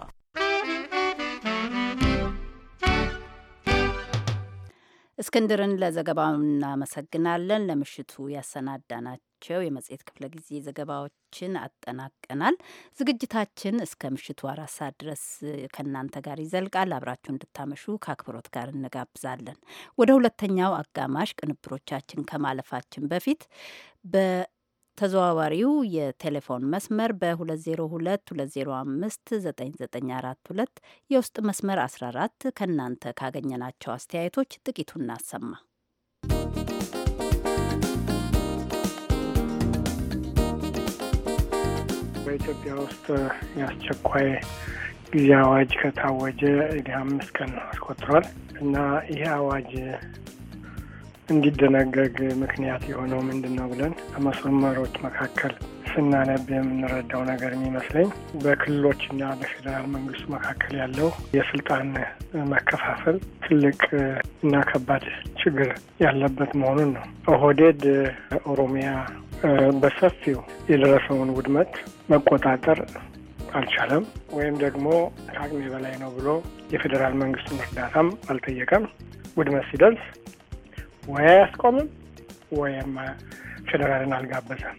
እስክንድርን ለዘገባው እናመሰግናለን። ለምሽቱ ያሰናዳናቸው የመጽሔት ክፍለ ጊዜ ዘገባዎችን አጠናቀናል። ዝግጅታችን እስከ ምሽቱ አራት ሰዓት ድረስ ከእናንተ ጋር ይዘልቃል። አብራችሁ እንድታመሹ ከአክብሮት ጋር እንጋብዛለን። ወደ ሁለተኛው አጋማሽ ቅንብሮቻችን ከማለፋችን በፊት በ ተዘዋዋሪው የቴሌፎን መስመር በ2022059942 የውስጥ መስመር 14። ከእናንተ ካገኘናቸው አስተያየቶች ጥቂቱን እናሰማ። በኢትዮጵያ ውስጥ የአስቸኳይ ጊዜ አዋጅ ከታወጀ እንግዲህ አምስት ቀን አስቆጥሯል እና ይሄ አዋጅ እንዲደነገግ ምክንያት የሆነው ምንድን ነው ብለን ከመስመሮች መካከል ስናነብ የምንረዳው ነገር የሚመስለኝ በክልሎችና በፌዴራል መንግስቱ መካከል ያለው የስልጣን መከፋፈል ትልቅ እና ከባድ ችግር ያለበት መሆኑን ነው። ኦህዴድ ኦሮሚያ በሰፊው የደረሰውን ውድመት መቆጣጠር አልቻለም፣ ወይም ደግሞ ከአቅሜ በላይ ነው ብሎ የፌዴራል መንግስቱን እርዳታም አልጠየቀም። ውድመት ሲደርስ ወይ አያስቆምም ወይም ፌዴራልን አልጋበዘም።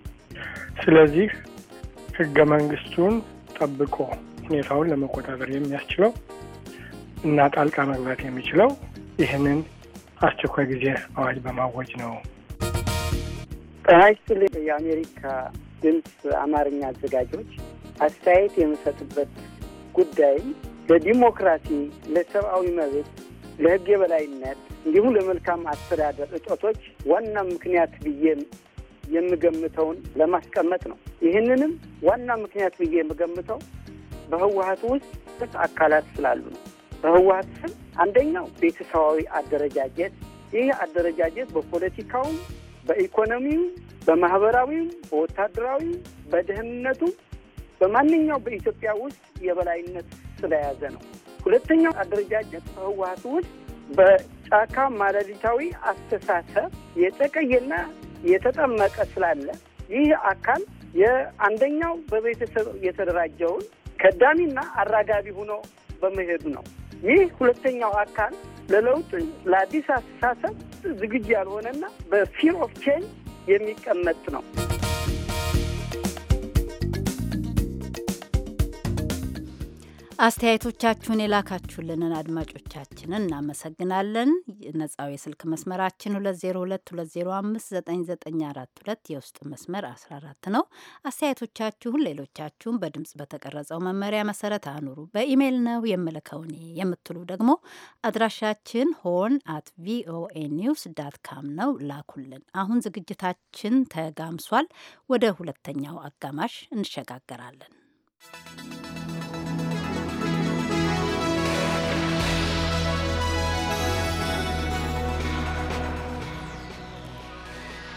ስለዚህ ህገ መንግስቱን ጠብቆ ሁኔታውን ለመቆጣጠር የሚያስችለው እና ጣልቃ መግባት የሚችለው ይህንን አስቸኳይ ጊዜ አዋጅ በማወጅ ነው። ጠናችል የአሜሪካ ድምፅ አማርኛ አዘጋጆች አስተያየት የምሰጥበት ጉዳይ ለዲሞክራሲ፣ ለሰብአዊ መብት፣ ለህግ የበላይነት እንዲሁም ለመልካም አስተዳደር እጦቶች ዋና ምክንያት ብዬ የምገምተውን ለማስቀመጥ ነው። ይህንንም ዋና ምክንያት ብዬ የምገምተው በህወሀት ውስጥ ሁለት አካላት ስላሉ ነው። በህወሀት ስም አንደኛው ቤተሰባዊ አደረጃጀት። ይህ አደረጃጀት በፖለቲካውም፣ በኢኮኖሚው፣ በማህበራዊም፣ በወታደራዊ፣ በደህንነቱ በማንኛው በኢትዮጵያ ውስጥ የበላይነት ስለያዘ ነው። ሁለተኛው አደረጃጀት በህወሀት ውስጥ ጫካ ማረሪታዊ አስተሳሰብ የጠቀየና የተጠመቀ ስላለ ይህ አካል የአንደኛው በቤተሰብ የተደራጀውን ከዳሚና አራጋቢ ሆኖ በመሄዱ ነው። ይህ ሁለተኛው አካል ለለውጥ ለአዲስ አስተሳሰብ ዝግጅ ያልሆነና በፊር ኦፍ ቼንጅ የሚቀመጥ ነው። አስተያየቶቻችሁን የላካችሁልንን አድማጮቻችንን እናመሰግናለን። ነጻው የስልክ መስመራችን 2022059942 የውስጥ መስመር 14 ነው። አስተያየቶቻችሁን ሌሎቻችሁን በድምፅ በተቀረጸው መመሪያ መሰረት አኑሩ። በኢሜይል ነው የምልከውን የምትሉ ደግሞ አድራሻችን ሆን አት ቪኦኤ ኒውስ ዳት ካም ነው፣ ላኩልን። አሁን ዝግጅታችን ተጋምሷል። ወደ ሁለተኛው አጋማሽ እንሸጋገራለን።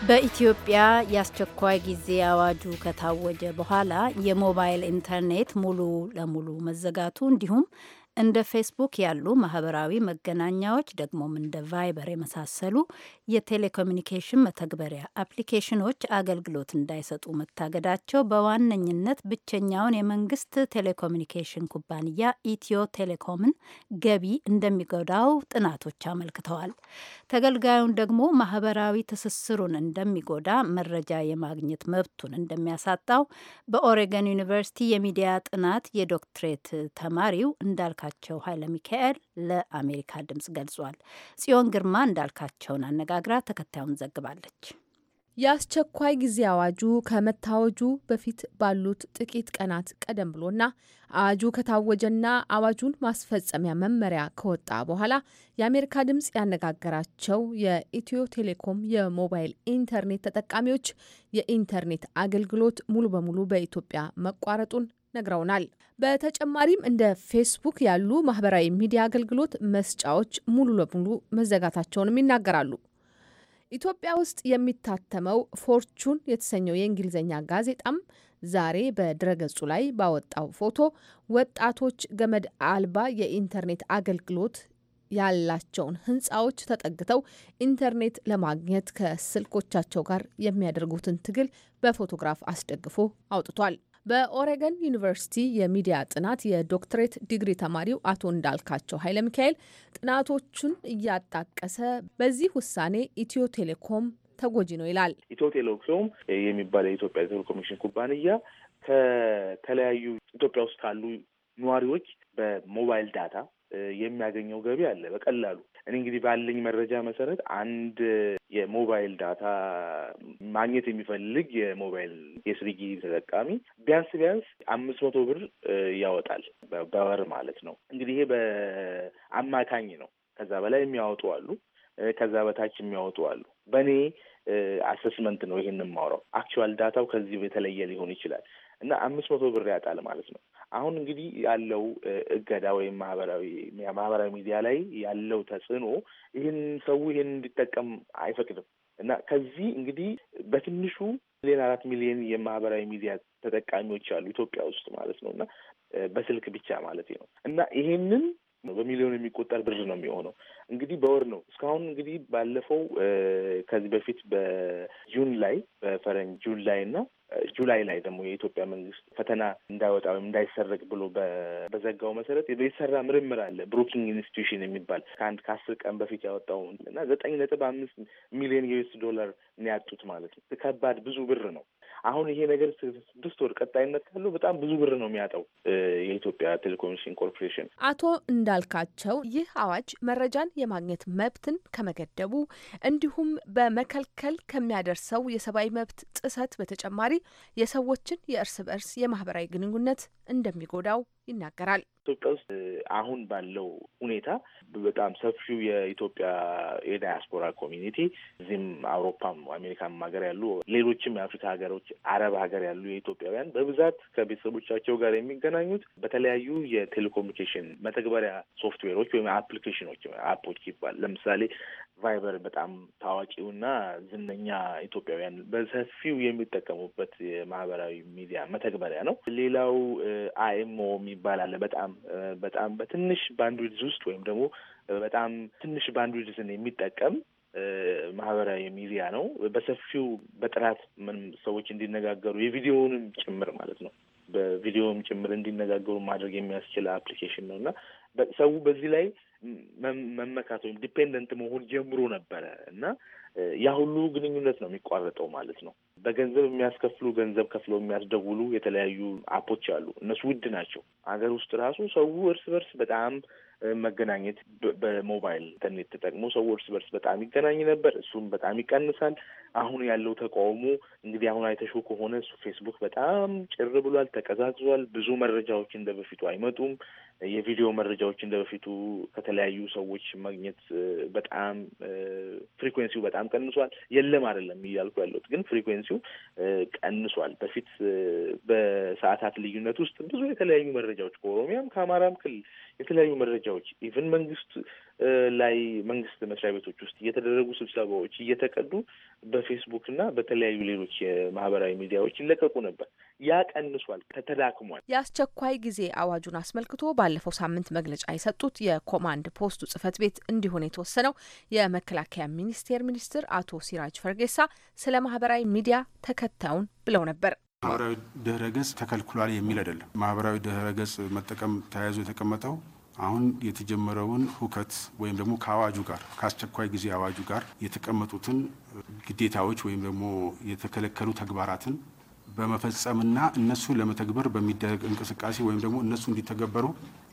በኢትዮጵያ የአስቸኳይ ጊዜ አዋጁ ከታወጀ በኋላ የሞባይል ኢንተርኔት ሙሉ ለሙሉ መዘጋቱ እንዲሁም እንደ ፌስቡክ ያሉ ማህበራዊ መገናኛዎች ደግሞም እንደ ቫይበር የመሳሰሉ የቴሌኮሚኒኬሽን መተግበሪያ አፕሊኬሽኖች አገልግሎት እንዳይሰጡ መታገዳቸው በዋነኝነት ብቸኛውን የመንግስት ቴሌኮሚኒኬሽን ኩባንያ ኢትዮ ቴሌኮምን ገቢ እንደሚጎዳው ጥናቶች አመልክተዋል። ተገልጋዩን ደግሞ ማህበራዊ ትስስሩን እንደሚጎዳ፣ መረጃ የማግኘት መብቱን እንደሚያሳጣው በኦሬገን ዩኒቨርሲቲ የሚዲያ ጥናት የዶክትሬት ተማሪው እንዳልካ ጌታቸው ኃይለ ሚካኤል ለአሜሪካ ድምጽ ገልጿል። ጽዮን ግርማ እንዳልካቸውን አነጋግራ ተከታዩን ዘግባለች። የአስቸኳይ ጊዜ አዋጁ ከመታወጁ በፊት ባሉት ጥቂት ቀናት ቀደም ብሎና አዋጁ ከታወጀና አዋጁን ማስፈጸሚያ መመሪያ ከወጣ በኋላ የአሜሪካ ድምፅ ያነጋገራቸው የኢትዮ ቴሌኮም የሞባይል ኢንተርኔት ተጠቃሚዎች የኢንተርኔት አገልግሎት ሙሉ በሙሉ በኢትዮጵያ መቋረጡን ነግረውናል። በተጨማሪም እንደ ፌስቡክ ያሉ ማህበራዊ ሚዲያ አገልግሎት መስጫዎች ሙሉ ለሙሉ መዘጋታቸውንም ይናገራሉ። ኢትዮጵያ ውስጥ የሚታተመው ፎርቹን የተሰኘው የእንግሊዝኛ ጋዜጣም ዛሬ በድረገጹ ላይ ባወጣው ፎቶ ወጣቶች ገመድ አልባ የኢንተርኔት አገልግሎት ያላቸውን ህንፃዎች ተጠግተው ኢንተርኔት ለማግኘት ከስልኮቻቸው ጋር የሚያደርጉትን ትግል በፎቶግራፍ አስደግፎ አውጥቷል። በኦሬገን ዩኒቨርሲቲ የሚዲያ ጥናት የዶክትሬት ዲግሪ ተማሪው አቶ እንዳልካቸው ኃይለ ሚካኤል ጥናቶቹን እያጣቀሰ በዚህ ውሳኔ ኢትዮ ቴሌኮም ተጎጂ ነው ይላል። ኢትዮ ቴሌኮም የሚባል የኢትዮጵያ ቴሌኮሚኒኬሽን ኩባንያ ከተለያዩ ኢትዮጵያ ውስጥ ካሉ ነዋሪዎች በሞባይል ዳታ የሚያገኘው ገቢ አለ። በቀላሉ እኔ እንግዲህ ባለኝ መረጃ መሰረት አንድ የሞባይል ዳታ ማግኘት የሚፈልግ የሞባይል የስሪጊ ተጠቃሚ ቢያንስ ቢያንስ አምስት መቶ ብር ያወጣል በወር ማለት ነው። እንግዲህ ይሄ በአማካኝ ነው። ከዛ በላይ የሚያወጡ አሉ፣ ከዛ በታች የሚያወጡ አሉ። በእኔ አሰስመንት ነው ይሄን የማውራው። አክቹዋል ዳታው ከዚህ የተለየ ሊሆን ይችላል እና አምስት መቶ ብር ያጣል ማለት ነው። አሁን እንግዲህ ያለው እገዳ ወይም ማህበራዊ ማህበራዊ ሚዲያ ላይ ያለው ተጽዕኖ ይህን ሰው ይህን እንዲጠቀም አይፈቅድም እና ከዚህ እንግዲህ በትንሹ ሚሊዮን አራት ሚሊዮን የማህበራዊ ሚዲያ ተጠቃሚዎች አሉ ኢትዮጵያ ውስጥ ማለት ነው እና በስልክ ብቻ ማለት ነው እና ይሄንን ነው። በሚሊዮን የሚቆጠር ብር ነው የሚሆነው እንግዲህ በወር ነው። እስካሁን እንግዲህ ባለፈው ከዚህ በፊት በጁን ላይ በፈረንጅ ጁን ላይ እና ጁላይ ላይ ደግሞ የኢትዮጵያ መንግስት ፈተና እንዳይወጣ ወይም እንዳይሰረቅ ብሎ በዘጋው መሰረት የተሰራ ምርምር አለ ብሩኪንግ ኢንስቲትዩሽን የሚባል ከአንድ ከአስር ቀን በፊት ያወጣው እና ዘጠኝ ነጥብ አምስት ሚሊዮን ዩኤስ ዶላር ያጡት ማለት ነው። ከባድ ብዙ ብር ነው። አሁን ይሄ ነገር ስድስት ወር ቀጣይነት ካለው በጣም ብዙ ብር ነው የሚያጠው የኢትዮጵያ ቴሌኮሚኒኬሽን ኮርፖሬሽን። አቶ እንዳልካቸው ይህ አዋጅ መረጃን የማግኘት መብትን ከመገደቡ እንዲሁም በመከልከል ከሚያደርሰው የሰብአዊ መብት ጥሰት በተጨማሪ የሰዎችን የእርስ በእርስ የማህበራዊ ግንኙነት እንደሚጎዳው ይናገራል። ኢትዮጵያ ውስጥ አሁን ባለው ሁኔታ በጣም ሰፊው የኢትዮጵያ የዳያስፖራ ኮሚኒቲ እዚህም አውሮፓም አሜሪካም ሀገር ያሉ ሌሎችም የአፍሪካ ሀገሮች፣ አረብ ሀገር ያሉ የኢትዮጵያውያን በብዛት ከቤተሰቦቻቸው ጋር የሚገናኙት በተለያዩ የቴሌኮሙኒኬሽን መተግበሪያ ሶፍትዌሮች ወይም አፕሊኬሽኖች አፖች ይባል ለምሳሌ ቫይበር በጣም ታዋቂውና ዝነኛ ኢትዮጵያውያን በሰፊው የሚጠቀሙበት የማህበራዊ ሚዲያ መተግበሪያ ነው። ሌላው አኤምኦ የሚባል አለ። በጣም በጣም በትንሽ ባንድዊድዝ ውስጥ ወይም ደግሞ በጣም ትንሽ ባንድዊድዝን የሚጠቀም ማህበራዊ ሚዲያ ነው። በሰፊው በጥራት ምንም ሰዎች እንዲነጋገሩ የቪዲዮውንም ጭምር ማለት ነው በቪዲዮውም ጭምር እንዲነጋገሩ ማድረግ የሚያስችል አፕሊኬሽን ነው እና ሰው በዚህ ላይ መመካት ወይም ዲፔንደንት መሆን ጀምሮ ነበረ እና ያ ሁሉ ግንኙነት ነው የሚቋረጠው ማለት ነው። በገንዘብ የሚያስከፍሉ ገንዘብ ከፍለው የሚያስደውሉ የተለያዩ አፖች አሉ። እነሱ ውድ ናቸው። ሀገር ውስጥ ራሱ ሰው እርስ በርስ በጣም መገናኘት በሞባይል ኢንተርኔት ተጠቅሞ ሰው እርስ በርስ በጣም ይገናኝ ነበር። እሱም በጣም ይቀንሳል። አሁን ያለው ተቃውሞ እንግዲህ አሁን አይተሹ ከሆነ እሱ ፌስቡክ በጣም ጭር ብሏል፣ ተቀዛቅዟል። ብዙ መረጃዎች እንደ በፊቱ አይመጡም። የቪዲዮ መረጃዎች እንደ በፊቱ ከተለያዩ ሰዎች ማግኘት በጣም ፍሪኩዌንሲው በጣም ቀንሷል። የለም አይደለም እያልኩ ያለሁት ግን ፍሪኩዌንሲ ቫካንሲው ቀንሷል። በፊት በሰዓታት ልዩነት ውስጥ ብዙ የተለያዩ መረጃዎች ከኦሮሚያም ከአማራም ክልል የተለያዩ መረጃዎች ኢቭን መንግስት ላይ መንግስት መስሪያ ቤቶች ውስጥ እየተደረጉ ስብሰባዎች እየተቀዱ በፌስቡክ እና በተለያዩ ሌሎች የማህበራዊ ሚዲያዎች ይለቀቁ ነበር። ያ ቀንሷል፣ ተተዳክሟል። የአስቸኳይ ጊዜ አዋጁን አስመልክቶ ባለፈው ሳምንት መግለጫ የሰጡት የኮማንድ ፖስቱ ጽህፈት ቤት እንዲሆን የተወሰነው የመከላከያ ሚኒስቴር ሚኒስትር አቶ ሲራጅ ፈርጌሳ ስለ ማህበራዊ ሚዲያ ተከታዩን ብለው ነበር። ማህበራዊ ድህረ ገጽ ተከልክሏል የሚል አይደለም። ማህበራዊ ድህረ ገጽ መጠቀም ተያይዞ የተቀመጠው አሁን የተጀመረውን ሁከት ወይም ደግሞ ከአዋጁ ጋር ከአስቸኳይ ጊዜ አዋጁ ጋር የተቀመጡትን ግዴታዎች ወይም ደግሞ የተከለከሉ ተግባራትን በመፈጸምና እነሱ ለመተግበር በሚደረግ እንቅስቃሴ ወይም ደግሞ እነሱ እንዲተገበሩ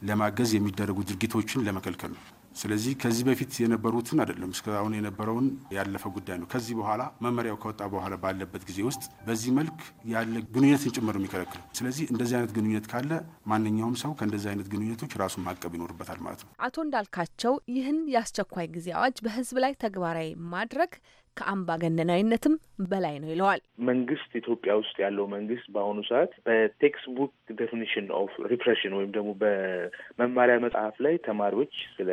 ለማገዝ የሚደረጉ ድርጊቶችን ለመከልከል ነው። ስለዚህ ከዚህ በፊት የነበሩትን አይደለም እስካሁን የነበረውን ያለፈ ጉዳይ ነው። ከዚህ በኋላ መመሪያው ከወጣ በኋላ ባለበት ጊዜ ውስጥ በዚህ መልክ ያለ ግንኙነትን ጭምር የሚከለክል ስለዚህ እንደዚህ አይነት ግንኙነት ካለ ማንኛውም ሰው ከእንደዚህ አይነት ግንኙነቶች ራሱን ማቀብ ይኖርበታል ማለት ነው። አቶ እንዳልካቸው ይህን የአስቸኳይ ጊዜ አዋጅ በህዝብ ላይ ተግባራዊ ማድረግ ከአምባገነናዊነትም በላይ ነው ይለዋል። መንግስት ኢትዮጵያ ውስጥ ያለው መንግስት በአሁኑ ሰዓት በቴክስትቡክ ቡክ ዴፊኒሽን ኦፍ ሪፕሬሽን ወይም ደግሞ በመማሪያ መጽሐፍ ላይ ተማሪዎች ስለ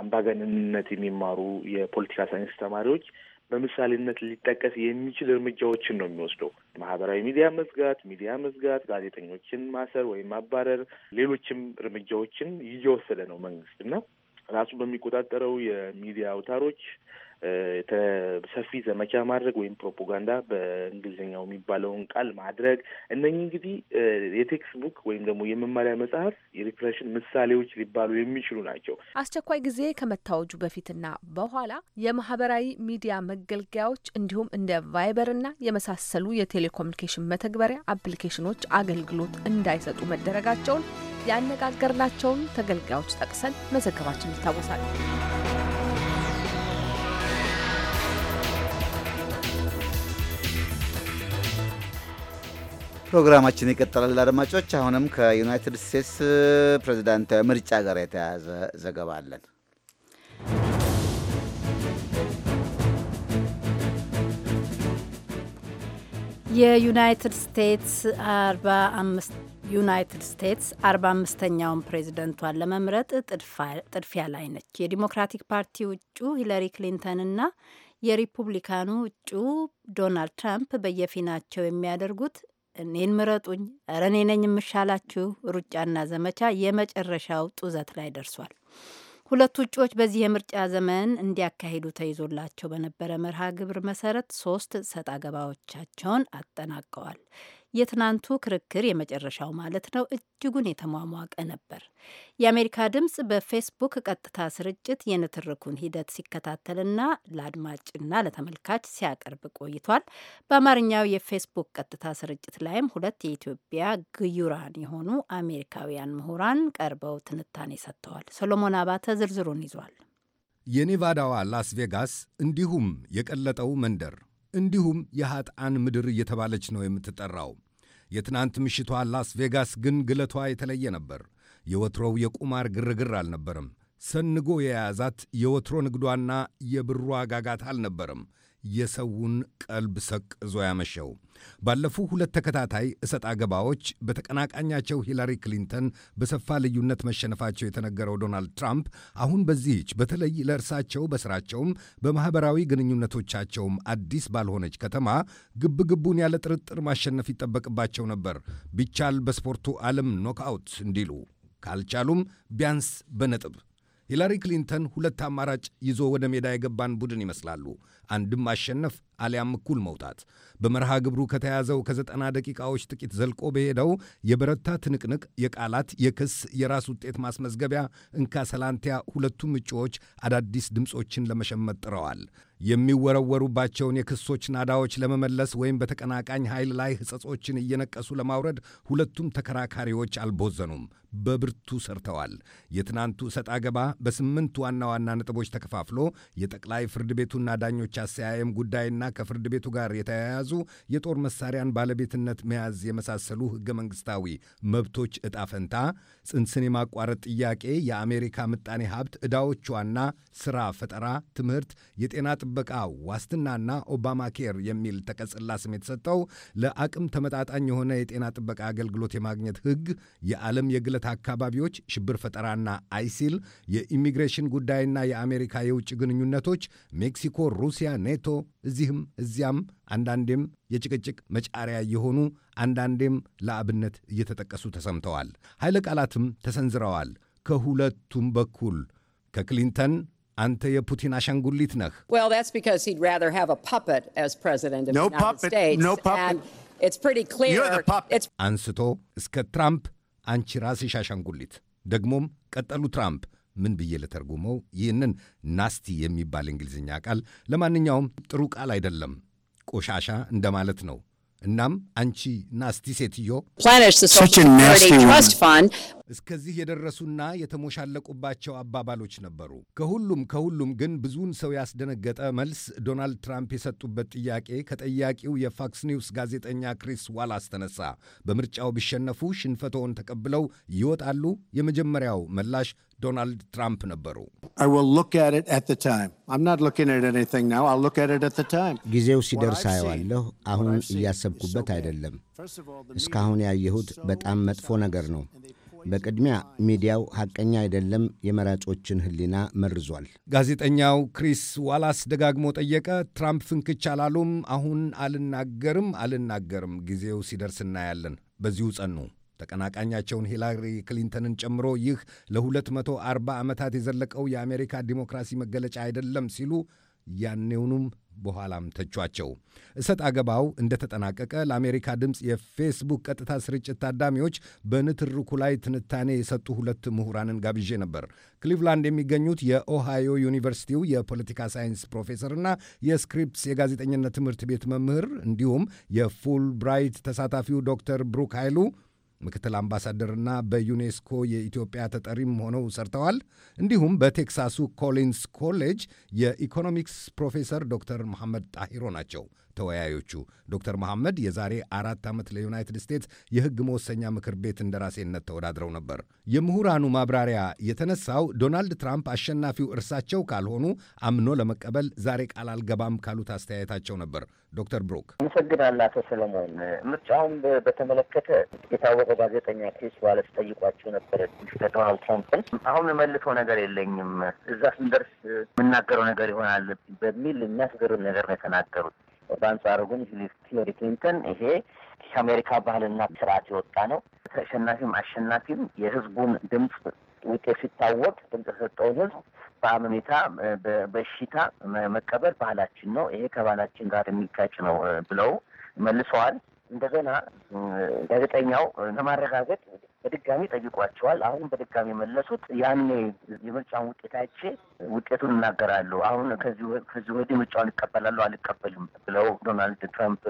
አምባገነንነት የሚማሩ የፖለቲካ ሳይንስ ተማሪዎች በምሳሌነት ሊጠቀስ የሚችል እርምጃዎችን ነው የሚወስደው። ማህበራዊ ሚዲያ መዝጋት፣ ሚዲያ መዝጋት፣ ጋዜጠኞችን ማሰር ወይም ማባረር፣ ሌሎችም እርምጃዎችን እየወሰደ ነው መንግስት እና ራሱ በሚቆጣጠረው የሚዲያ አውታሮች ሰፊ ዘመቻ ማድረግ ወይም ፕሮፓጋንዳ በእንግሊዝኛው የሚባለውን ቃል ማድረግ እነኚህ እንግዲህ የቴክስት ቡክ ወይም ደግሞ የመማሪያ መጽሐፍ የሪፕሬሽን ምሳሌዎች ሊባሉ የሚችሉ ናቸው። አስቸኳይ ጊዜ ከመታወጁ በፊትና በኋላ የማህበራዊ ሚዲያ መገልገያዎች እንዲሁም እንደ ቫይበርና የመሳሰሉ የቴሌኮሙኒኬሽን መተግበሪያ አፕሊኬሽኖች አገልግሎት እንዳይሰጡ መደረጋቸውን ያነጋገርናቸውን ተገልጋዮች ጠቅሰን መዘገባችን ይታወሳል። ፕሮግራማችን ይቀጥላል። አድማጮች፣ አሁንም ከዩናይትድ ስቴትስ ፕሬዚዳንታዊ ምርጫ ጋር የተያያዘ ዘገባ አለን። የዩናይትድ ስቴትስ አርባ አምስት ዩናይትድ ስቴትስ አርባ አምስተኛውን ፕሬዚደንቷን ለመምረጥ ጥድፊያ ላይ ነች። የዲሞክራቲክ ፓርቲ እጩ ሂለሪ ክሊንተንና የሪፑብሊካኑ እጩ ዶናልድ ትራምፕ በየፊናቸው የሚያደርጉት እኔን ምረጡኝ፣ እረ እኔ ነኝ የምሻላችሁ ሩጫና ዘመቻ የመጨረሻው ጡዘት ላይ ደርሷል። ሁለቱ እጩዎች በዚህ የምርጫ ዘመን እንዲያካሂዱ ተይዞላቸው በነበረ መርሃ ግብር መሰረት ሶስት ሰጣ ገባዎቻቸውን አጠናቀዋል። የትናንቱ ክርክር የመጨረሻው ማለት ነው እጅጉን የተሟሟቀ ነበር። የአሜሪካ ድምፅ በፌስቡክ ቀጥታ ስርጭት የንትርኩን ሂደት ሲከታተልና ለአድማጭና ለተመልካች ሲያቀርብ ቆይቷል። በአማርኛው የፌስቡክ ቀጥታ ስርጭት ላይም ሁለት የኢትዮጵያ ግዩራን የሆኑ አሜሪካውያን ምሁራን ቀርበው ትንታኔ ሰጥተዋል። ሰሎሞን አባተ ዝርዝሩን ይዟል። የኔቫዳዋ ላስ ቬጋስ እንዲሁም የቀለጠው መንደር እንዲሁም የኃጥአን ምድር እየተባለች ነው የምትጠራው። የትናንት ምሽቷ ላስ ቬጋስ ግን ግለቷ የተለየ ነበር። የወትሮው የቁማር ግርግር አልነበርም። ሰንጎ የያዛት የወትሮ ንግዷና የብሯ ጋጋታ አልነበርም። የሰውን ቀልብ ሰቅዞ ያመሸው። ባለፉ ሁለት ተከታታይ እሰጥ አገባዎች በተቀናቃኛቸው ሂላሪ ክሊንተን በሰፋ ልዩነት መሸነፋቸው የተነገረው ዶናልድ ትራምፕ አሁን በዚህች በተለይ ለእርሳቸው በስራቸውም በማኅበራዊ ግንኙነቶቻቸውም አዲስ ባልሆነች ከተማ ግብግቡን ያለ ጥርጥር ማሸነፍ ይጠበቅባቸው ነበር ቢቻል በስፖርቱ ዓለም ኖክአውት እንዲሉ ካልቻሉም ቢያንስ በነጥብ ሂላሪ ክሊንተን ሁለት አማራጭ ይዞ ወደ ሜዳ የገባን ቡድን ይመስላሉ። አንድም ማሸነፍ አሊያም እኩል መውጣት። በመርሃ ግብሩ ከተያዘው ከዘጠና ደቂቃዎች ጥቂት ዘልቆ በሄደው የበረታ ትንቅንቅ የቃላት የክስ የራስ ውጤት ማስመዝገቢያ እንካ ሰላንቲያ ሁለቱም እጩዎች አዳዲስ ድምፆችን ለመሸመት ጥረዋል። የሚወረወሩባቸውን የክሶች ናዳዎች ለመመለስ ወይም በተቀናቃኝ ኃይል ላይ ሕጸጾችን እየነቀሱ ለማውረድ ሁለቱም ተከራካሪዎች አልቦዘኑም፣ በብርቱ ሰርተዋል። የትናንቱ እሰጥ አገባ በስምንት ዋና ዋና ነጥቦች ተከፋፍሎ የጠቅላይ ፍርድ ቤቱና ዳኞች አሰያየም ጉዳይና ከፍርድ ቤቱ ጋር የተያያዙ የጦር መሳሪያን ባለቤትነት መያዝ የመሳሰሉ ሕገ መንግሥታዊ መብቶች ዕጣ ፈንታ ጽንስን የማቋረጥ ጥያቄ የአሜሪካ ምጣኔ ሀብት ዕዳዎቿና ሥራ ፈጠራ፣ ትምህርት፣ የጤና ጥበቃ ዋስትናና ኦባማ ኬር የሚል ተቀጽላ ስም የተሰጠው ለአቅም ተመጣጣኝ የሆነ የጤና ጥበቃ አገልግሎት የማግኘት ሕግ፣ የዓለም የግለት አካባቢዎች፣ ሽብር ፈጠራና አይሲል፣ የኢሚግሬሽን ጉዳይና የአሜሪካ የውጭ ግንኙነቶች፣ ሜክሲኮ፣ ሩሲያ፣ ኔቶ፣ እዚህም እዚያም አንዳንዴም የጭቅጭቅ መጫሪያ የሆኑ አንዳንዴም ለአብነት እየተጠቀሱ ተሰምተዋል። ኃይለ ቃላትም ተሰንዝረዋል። ከሁለቱም በኩል ከክሊንተን አንተ የፑቲን አሻንጉሊት ነህ አንስቶ እስከ ትራምፕ አንቺ ራስሽ አሻንጉሊት። ደግሞም ቀጠሉ ትራምፕ ምን ብዬ ልተርጉመው ይህንን ናስቲ የሚባል እንግሊዝኛ ቃል። ለማንኛውም ጥሩ ቃል አይደለም። ቆሻሻ እንደማለት ነው። እናም አንቺ ናስቲ ሴትዮ እስከዚህ የደረሱና የተሞሻለቁባቸው አባባሎች ነበሩ። ከሁሉም ከሁሉም ግን ብዙውን ሰው ያስደነገጠ መልስ ዶናልድ ትራምፕ የሰጡበት ጥያቄ ከጠያቂው የፋክስ ኒውስ ጋዜጠኛ ክሪስ ዋላስ ተነሳ። በምርጫው ቢሸነፉ ሽንፈቶውን ተቀብለው ይወጣሉ? የመጀመሪያው ምላሽ ዶናልድ ትራምፕ ነበሩ። ጊዜው ሲደርስ አየዋለሁ። አሁን እያሰብኩበት አይደለም። እስካሁን ያየሁት በጣም መጥፎ ነገር ነው። በቅድሚያ ሚዲያው ሐቀኛ አይደለም፣ የመራጮችን ሕሊና መርዟል። ጋዜጠኛው ክሪስ ዋላስ ደጋግሞ ጠየቀ። ትራምፕ ፍንክች አላሉም። አሁን አልናገርም አልናገርም፣ ጊዜው ሲደርስ እናያለን። በዚሁ ጸኑ። ተቀናቃኛቸውን ሂላሪ ክሊንተንን ጨምሮ ይህ ለ240 ዓመታት የዘለቀው የአሜሪካ ዲሞክራሲ መገለጫ አይደለም ሲሉ ያኔውኑም በኋላም ተቿቸው። እሰጥ አገባው እንደተጠናቀቀ ለአሜሪካ ድምፅ የፌስቡክ ቀጥታ ስርጭት ታዳሚዎች በንትርኩ ላይ ትንታኔ የሰጡ ሁለት ምሁራንን ጋብዤ ነበር። ክሊቭላንድ የሚገኙት የኦሃዮ ዩኒቨርሲቲው የፖለቲካ ሳይንስ ፕሮፌሰርና የስክሪፕስ የጋዜጠኝነት ትምህርት ቤት መምህር እንዲሁም የፉል ብራይት ተሳታፊው ዶክተር ብሩክ ኃይሉ ምክትል አምባሳደርና በዩኔስኮ የኢትዮጵያ ተጠሪም ሆነው ሰርተዋል። እንዲሁም በቴክሳሱ ኮሊንስ ኮሌጅ የኢኮኖሚክስ ፕሮፌሰር ዶክተር መሐመድ ጣሂሮ ናቸው። ተወያዮቹ ዶክተር መሐመድ የዛሬ አራት ዓመት ለዩናይትድ ስቴትስ የሕግ መወሰኛ ምክር ቤት እንደራሴነት ተወዳድረው ነበር። የምሁራኑ ማብራሪያ የተነሳው ዶናልድ ትራምፕ አሸናፊው እርሳቸው ካልሆኑ አምኖ ለመቀበል ዛሬ ቃል አልገባም ካሉት አስተያየታቸው ነበር። ዶክተር ብሩክ አመሰግናለሁ። አቶ ሰለሞን ምርጫውን በተመለከተ የታወቀ ጋዜጠኛ ክሪስ ዋለስ ጠይቋቸው ነበረ ዶናልድ ትራምፕን። አሁን መልሰው ነገር የለኝም እዛ ስንደርስ የምናገረው ነገር ይሆናል በሚል የሚያስገርም ነገር ነው የተናገሩት። በአንጻሩ ግን ሂለሪ ክሊንተን ይሄ ከአሜሪካ ባህልና ስርዓት የወጣ ነው። ተሸናፊም አሸናፊም የህዝቡን ድምፅ ውጤት ሲታወቅ ድምፅ የሰጠውን ህዝብ በአመኔታ በሽታ መቀበል ባህላችን ነው፣ ይሄ ከባህላችን ጋር የሚጋጭ ነው ብለው መልሰዋል። እንደገና ጋዜጠኛው ለማረጋገጥ በድጋሚ ጠይቋቸዋል። አሁን በድጋሚ መለሱት። ያኔ የምርጫውን ውጤት አይቼ ውጤቱን እናገራለሁ። አሁን ከዚህ ወዲህ ምርጫውን ይቀበላሉ አልቀበልም ብለው ዶናልድ ትራምፕ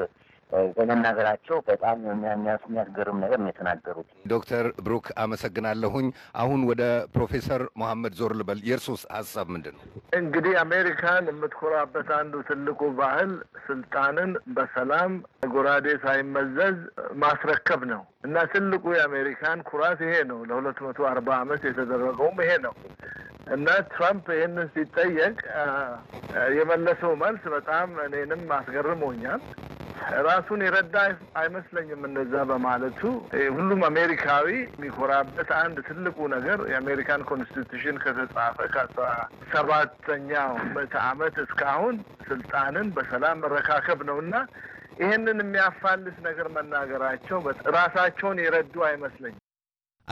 በመናገራቸው በጣም የሚያስገርም ነገር ነው የተናገሩት። ዶክተር ብሩክ አመሰግናለሁኝ። አሁን ወደ ፕሮፌሰር መሐመድ ዞር ልበል። የእርሱስ ሀሳብ ምንድን ነው? እንግዲህ አሜሪካን የምትኮራበት አንዱ ትልቁ ባህል ስልጣንን በሰላም ጎራዴ ሳይመዘዝ ማስረከብ ነው እና ትልቁ የአሜሪካን ኩራት ይሄ ነው። ለሁለት መቶ አርባ ዓመት የተደረገውም ይሄ ነው እና ትራምፕ ይህንን ሲጠየቅ የመለሰው መልስ በጣም እኔንም አስገርሞኛል። ራሱን የረዳ አይመስለኝም እንደዛ በማለቱ ሁሉም አሜሪካዊ የሚኮራበት አንድ ትልቁ ነገር የአሜሪካን ኮንስቲቱሽን ከተጻፈ ከአስራ ሰባተኛው ምዕተ ዓመት እስካሁን ስልጣንን በሰላም መረካከብ ነው እና ይህንን የሚያፋልስ ነገር መናገራቸው ራሳቸውን የረዱ አይመስለኝም።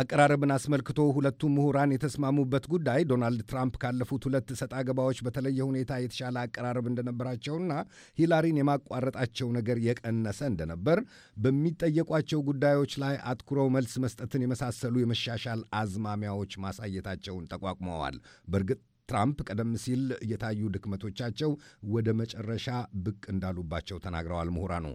አቀራረብን አስመልክቶ ሁለቱ ምሁራን የተስማሙበት ጉዳይ ዶናልድ ትራምፕ ካለፉት ሁለት ሰጣ ገባዎች በተለየ ሁኔታ የተሻለ አቀራረብ እንደነበራቸውና ሂላሪን የማቋረጣቸው ነገር የቀነሰ እንደነበር፣ በሚጠየቋቸው ጉዳዮች ላይ አትኩረው መልስ መስጠትን የመሳሰሉ የመሻሻል አዝማሚያዎች ማሳየታቸውን ጠቋቁመዋል። በእርግጥ ትራምፕ ቀደም ሲል የታዩ ድክመቶቻቸው ወደ መጨረሻ ብቅ እንዳሉባቸው ተናግረዋል ምሁራኑ።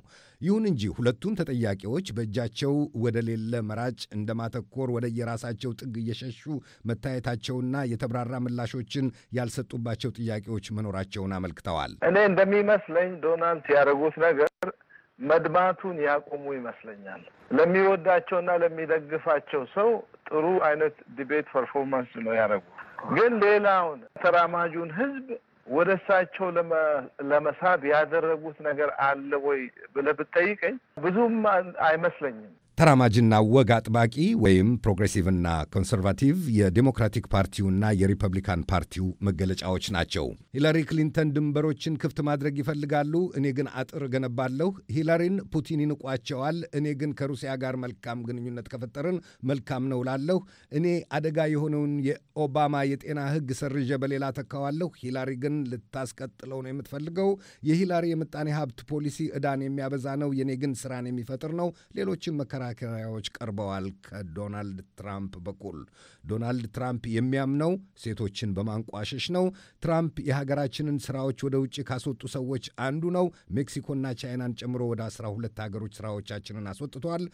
ይሁን እንጂ ሁለቱም ተጠያቂዎች በእጃቸው ወደ ሌለ መራጭ እንደማተኮር ወደ የራሳቸው ጥግ እየሸሹ መታየታቸውና የተብራራ ምላሾችን ያልሰጡባቸው ጥያቄዎች መኖራቸውን አመልክተዋል። እኔ እንደሚመስለኝ ዶናልድ ያደረጉት ነገር መድማቱን ያቆሙ ይመስለኛል። ለሚወዳቸውና ለሚደግፋቸው ሰው ጥሩ አይነት ዲቤት ፐርፎርማንስ ነው ያደረጉት። ግን ሌላውን ተራማጁን ህዝብ ወደ እሳቸው ለመሳብ ያደረጉት ነገር አለ ወይ ብለህ ብትጠይቀኝ ብዙም አይመስለኝም። ተራማጅና ወግ አጥባቂ ወይም ፕሮግሬሲቭና ኮንሰርቫቲቭ የዴሞክራቲክ ፓርቲውና የሪፐብሊካን ፓርቲው መገለጫዎች ናቸው። ሂላሪ ክሊንተን ድንበሮችን ክፍት ማድረግ ይፈልጋሉ፣ እኔ ግን አጥር ገነባለሁ። ሂላሪን ፑቲን ይንቋቸዋል፣ እኔ ግን ከሩሲያ ጋር መልካም ግንኙነት ከፈጠርን መልካም ነው ላለሁ። እኔ አደጋ የሆነውን የኦባማ የጤና ሕግ ሰርዤ በሌላ ተካዋለሁ። ሂላሪ ግን ልታስቀጥለው ነው የምትፈልገው። የሂላሪ የምጣኔ ሀብት ፖሊሲ እዳን የሚያበዛ ነው፣ የእኔ ግን ስራን የሚፈጥር ነው። ሌሎችን መከራ መከራከሪያዎች ቀርበዋል ከዶናልድ ትራምፕ በኩል። ዶናልድ ትራምፕ የሚያምነው ሴቶችን በማንቋሸሽ ነው። ትራምፕ የሀገራችንን ስራዎች ወደ ውጭ ካስወጡ ሰዎች አንዱ ነው። ሜክሲኮና ቻይናን ጨምሮ ወደ 12 ሀገሮች ስራዎቻችንን አስወጥተዋል።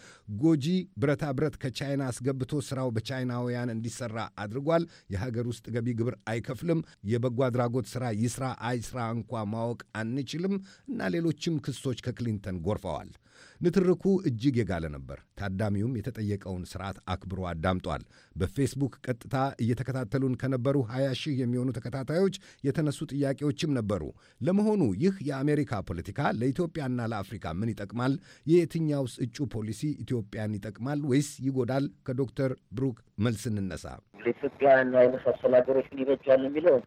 ጎጂ ብረታ ብረት ከቻይና አስገብቶ ስራው በቻይናውያን እንዲሰራ አድርጓል። የሀገር ውስጥ ገቢ ግብር አይከፍልም። የበጎ አድራጎት ስራ ይስራ አይስራ እንኳ ማወቅ አንችልም እና ሌሎችም ክሶች ከክሊንተን ጎርፈዋል። ንትርኩ እጅግ የጋለ ነበር። ታዳሚውም የተጠየቀውን ስርዓት አክብሮ አዳምጧል። በፌስቡክ ቀጥታ እየተከታተሉን ከነበሩ 20 ሺህ የሚሆኑ ተከታታዮች የተነሱ ጥያቄዎችም ነበሩ። ለመሆኑ ይህ የአሜሪካ ፖለቲካ ለኢትዮጵያና ለአፍሪካ ምን ይጠቅማል? የየትኛውስ እጩ ፖሊሲ ኢትዮጵያን ይጠቅማል ወይስ ይጎዳል? ከዶክተር ብሩክ መልስ እንነሳ። ለኢትዮጵያና የመሳሰሉ ሀገሮች ምን ይበጃል የሚለው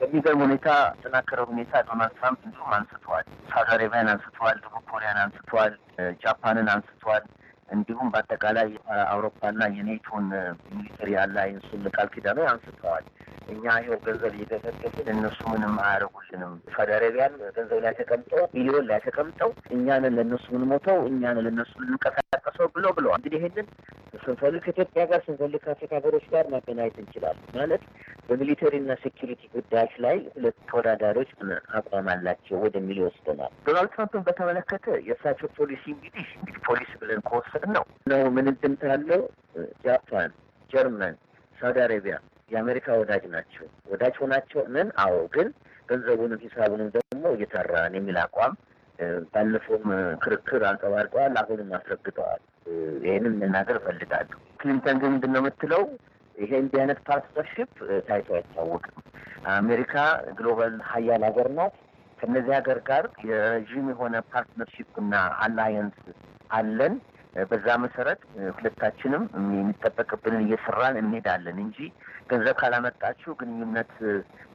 በሚገርም ሁኔታ ተጠናከረ ሁኔታ ዶናልድ ትራምፕ እንዲሁም አንስተዋል። ሳውዲ አረቢያን አንስተዋል፣ ደቡብ ኮሪያን አንስተዋል፣ ጃፓንን አንስተዋል። እንዲሁም በአጠቃላይ አውሮፓና የኔቶን ሚሊተሪ አላይንሱን ቃል ኪዳኑ አንስተዋል። እኛ ይኸው ገንዘብ እየገፈገፍን እነሱ ምንም አያደርጉልንም። ሳውዲ አረቢያን ገንዘብ ላይ ተቀምጠው ቢሊዮን ላይ ተቀምጠው እኛን ለእነሱ ምንሞተው እኛን ለእነሱ ምንንቀሳቀሰው ብሎ ብለዋል። እንግዲህ ይህንን ስንፈልግ ከኢትዮጵያ ጋር ስንፈልግ ከአፍሪካ ሀገሮች ጋር ማገናኘት እንችላለን ማለት በሚሊተሪና ሴኪሪቲ ጉዳዮች ላይ ሁለት ተወዳዳሪዎች ምን አቋም አላቸው ወደሚል ይወስደናል። ዶናልድ ትራምፕን በተመለከተ የእሳቸው ፖሊሲ እንግዲህ እንግዲህ ፖሊሲ ብለን ከወሰድ ነው ነው ምን እንድምታ ያለው ጃፓን፣ ጀርመን፣ ሳውዲ አረቢያ የአሜሪካ ወዳጅ ናቸው። ወዳጅ ሆናቸው ምን አዎ፣ ግን ገንዘቡንም ሂሳቡንም ደግሞ እየሰራን የሚል አቋም ባለፈውም ክርክር አንጸባርቀዋል። አሁንም አስረግጠዋል። ይህንም መናገር እፈልጋለሁ። ክሊንተን ግን ምንድን ነው የምትለው? ይሄ እንዲህ አይነት ፓርትነርሽፕ ታይቶ አይታወቅም። አሜሪካ ግሎባል ሀያል ሀገር ናት። ከነዚህ ሀገር ጋር የረዥም የሆነ ፓርትነርሽፕ እና አላየንስ አለን። በዛ መሰረት ሁለታችንም የሚጠበቅብንን እየሰራን እንሄዳለን እንጂ ገንዘብ ካላመጣችሁ ግንኙነት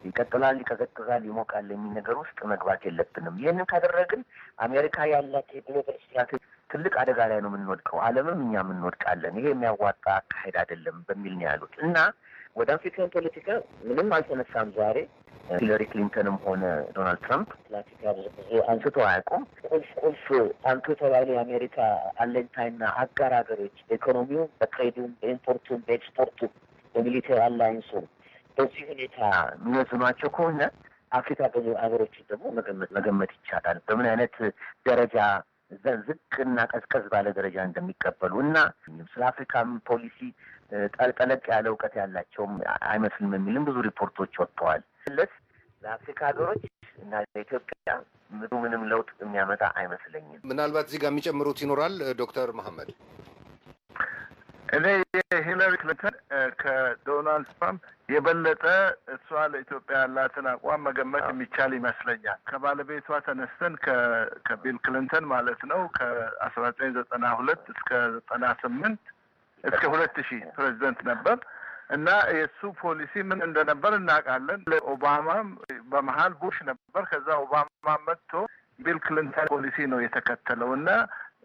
ይቀጥላል፣ ይቀዘቅዛል፣ ይሞቃል የሚል ነገር ውስጥ መግባት የለብንም። ይህንን ካደረግን አሜሪካ ያላት የግሎባል ስትራቴጂ ትልቅ አደጋ ላይ ነው የምንወድቀው፣ ዓለምም እኛ የምንወድቃለን። ይሄ የሚያዋጣ አካሄድ አይደለም በሚል ነው ያሉት እና ወደ አፍሪካን ፖለቲካ ምንም አልተነሳም ዛሬ ሂለሪ ክሊንተንም ሆነ ዶናልድ ትራምፕ ፖለቲካ ብዙ አንስቶ አያውቁም። ቁልፍ ቁልፍ አንቱ የተባሉ የአሜሪካ አለኝታይና አጋር ሀገሮች በኢኮኖሚው፣ በትሬዱም፣ በኢምፖርቱም፣ በኤክስፖርቱ፣ በሚሊተሪ አላይንሱ በዚህ ሁኔታ የሚወስኗቸው ከሆነ አፍሪካ ብዙ ሀገሮችን ደግሞ መገመት መገመት ይቻላል በምን አይነት ደረጃ እዛ ዝቅ እና ቀዝቀዝ ባለ ደረጃ እንደሚቀበሉ እና ስለ አፍሪካም ፖሊሲ ጠለቅ ያለ እውቀት ያላቸውም አይመስልም የሚልም ብዙ ሪፖርቶች ወጥተዋል። ስለስ ለአፍሪካ ሀገሮች እና ለኢትዮጵያ ምንም ለውጥ የሚያመጣ አይመስለኝም። ምናልባት እዚህ ጋር የሚጨምሩት ይኖራል ዶክተር መሐመድ እኔ የሂለሪ ክሊንተን ከዶናልድ ትራምፕ የበለጠ እሷ ለኢትዮጵያ ያላትን አቋም መገመት የሚቻል ይመስለኛል። ከባለቤቷ ተነስተን ከቢል ክሊንተን ማለት ነው ከአስራ ዘጠኝ ዘጠና ሁለት እስከ ዘጠና ስምንት እስከ ሁለት ሺህ ፕሬዚደንት ነበር እና የእሱ ፖሊሲ ምን እንደነበር እናውቃለን። ኦባማም በመሀል ቡሽ ነበር። ከዛ ኦባማ መጥቶ ቢል ክሊንተን ፖሊሲ ነው የተከተለው እና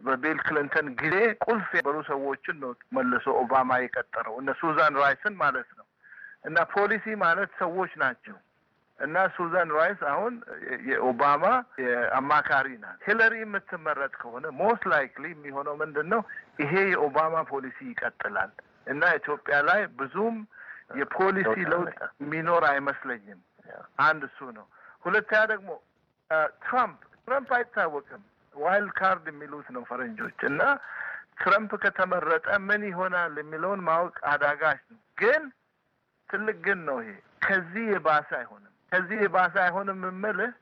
በቢል ክሊንተን ጊዜ ቁልፍ የበሩ ሰዎችን ነው መልሶ ኦባማ የቀጠረው እነ ሱዛን ራይስን ማለት ነው። እና ፖሊሲ ማለት ሰዎች ናቸው። እና ሱዛን ራይስ አሁን የኦባማ አማካሪ ናት። ሂለሪ የምትመረጥ ከሆነ ሞስት ላይክሊ የሚሆነው ምንድን ነው? ይሄ የኦባማ ፖሊሲ ይቀጥላል። እና ኢትዮጵያ ላይ ብዙም የፖሊሲ ለውጥ የሚኖር አይመስለኝም። አንድ እሱ ነው። ሁለተኛ ደግሞ ትራምፕ ትራምፕ አይታወቅም ዋይልድ ካርድ የሚሉት ነው ፈረንጆች እና ትረምፕ ከተመረጠ ምን ይሆናል የሚለውን ማወቅ አዳጋች ነው። ግን ትልቅ ግን ነው ይሄ ከዚህ የባሰ አይሆንም። ከዚህ የባሰ አይሆንም የምልህ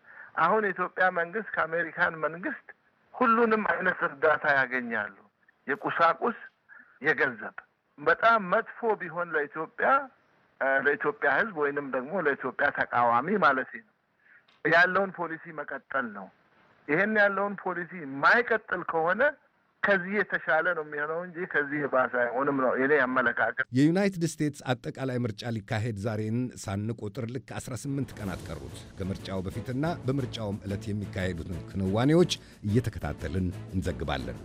አሁን የኢትዮጵያ መንግስት ከአሜሪካን መንግስት ሁሉንም አይነት እርዳታ ያገኛሉ። የቁሳቁስ፣ የገንዘብ በጣም መጥፎ ቢሆን ለኢትዮጵያ ለኢትዮጵያ ህዝብ ወይንም ደግሞ ለኢትዮጵያ ተቃዋሚ ማለት ነው ያለውን ፖሊሲ መቀጠል ነው። ይሄን ያለውን ፖሊሲ የማይቀጥል ከሆነ ከዚህ የተሻለ ነው የሚሆነው እንጂ ከዚህ የባሰ አይሆንም ነው የኔ አመለካከት። የዩናይትድ ስቴትስ አጠቃላይ ምርጫ ሊካሄድ ዛሬን ሳንቆጥር ልክ 18 ቀናት ቀሩት። ከምርጫው በፊትና በምርጫውም ዕለት የሚካሄዱትን ክንዋኔዎች እየተከታተልን እንዘግባለን።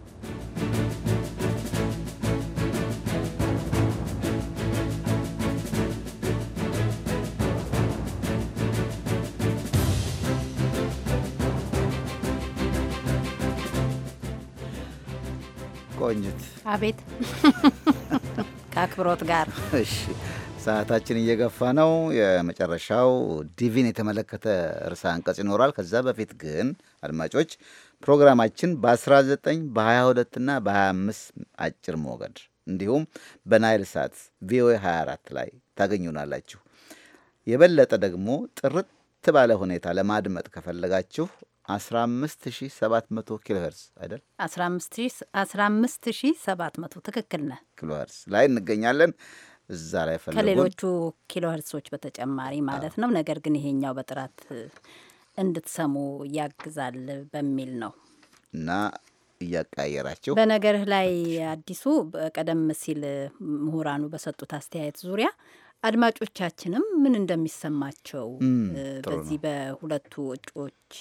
አቤት ከአክብሮት ጋር እሺ። ሰዓታችን እየገፋ ነው። የመጨረሻው ዲቪን የተመለከተ ርዕሰ አንቀጽ ይኖራል። ከዛ በፊት ግን አድማጮች ፕሮግራማችን በ19 በ22 እና በ25 አጭር ሞገድ እንዲሁም በናይል ሳት ቪኦኤ 24 ላይ ታገኙናላችሁ። የበለጠ ደግሞ ጥርት ባለ ሁኔታ ለማድመጥ ከፈለጋችሁ 15700 ኪሎ ሄርስ አይደል? 15700 ትክክል ነህ። ኪሎ ሄርስ ላይ እንገኛለን። እዛ ላይ ፈልጉን ከሌሎቹ ኪሎ ሄርሶች በተጨማሪ ማለት ነው። ነገር ግን ይሄኛው በጥራት እንድትሰሙ ያግዛል በሚል ነው እና እያቀያየራቸው በነገርህ ላይ አዲሱ ቀደም ሲል ምሁራኑ በሰጡት አስተያየት ዙሪያ አድማጮቻችንም ምን እንደሚሰማቸው በዚህ በሁለቱ እጩዎች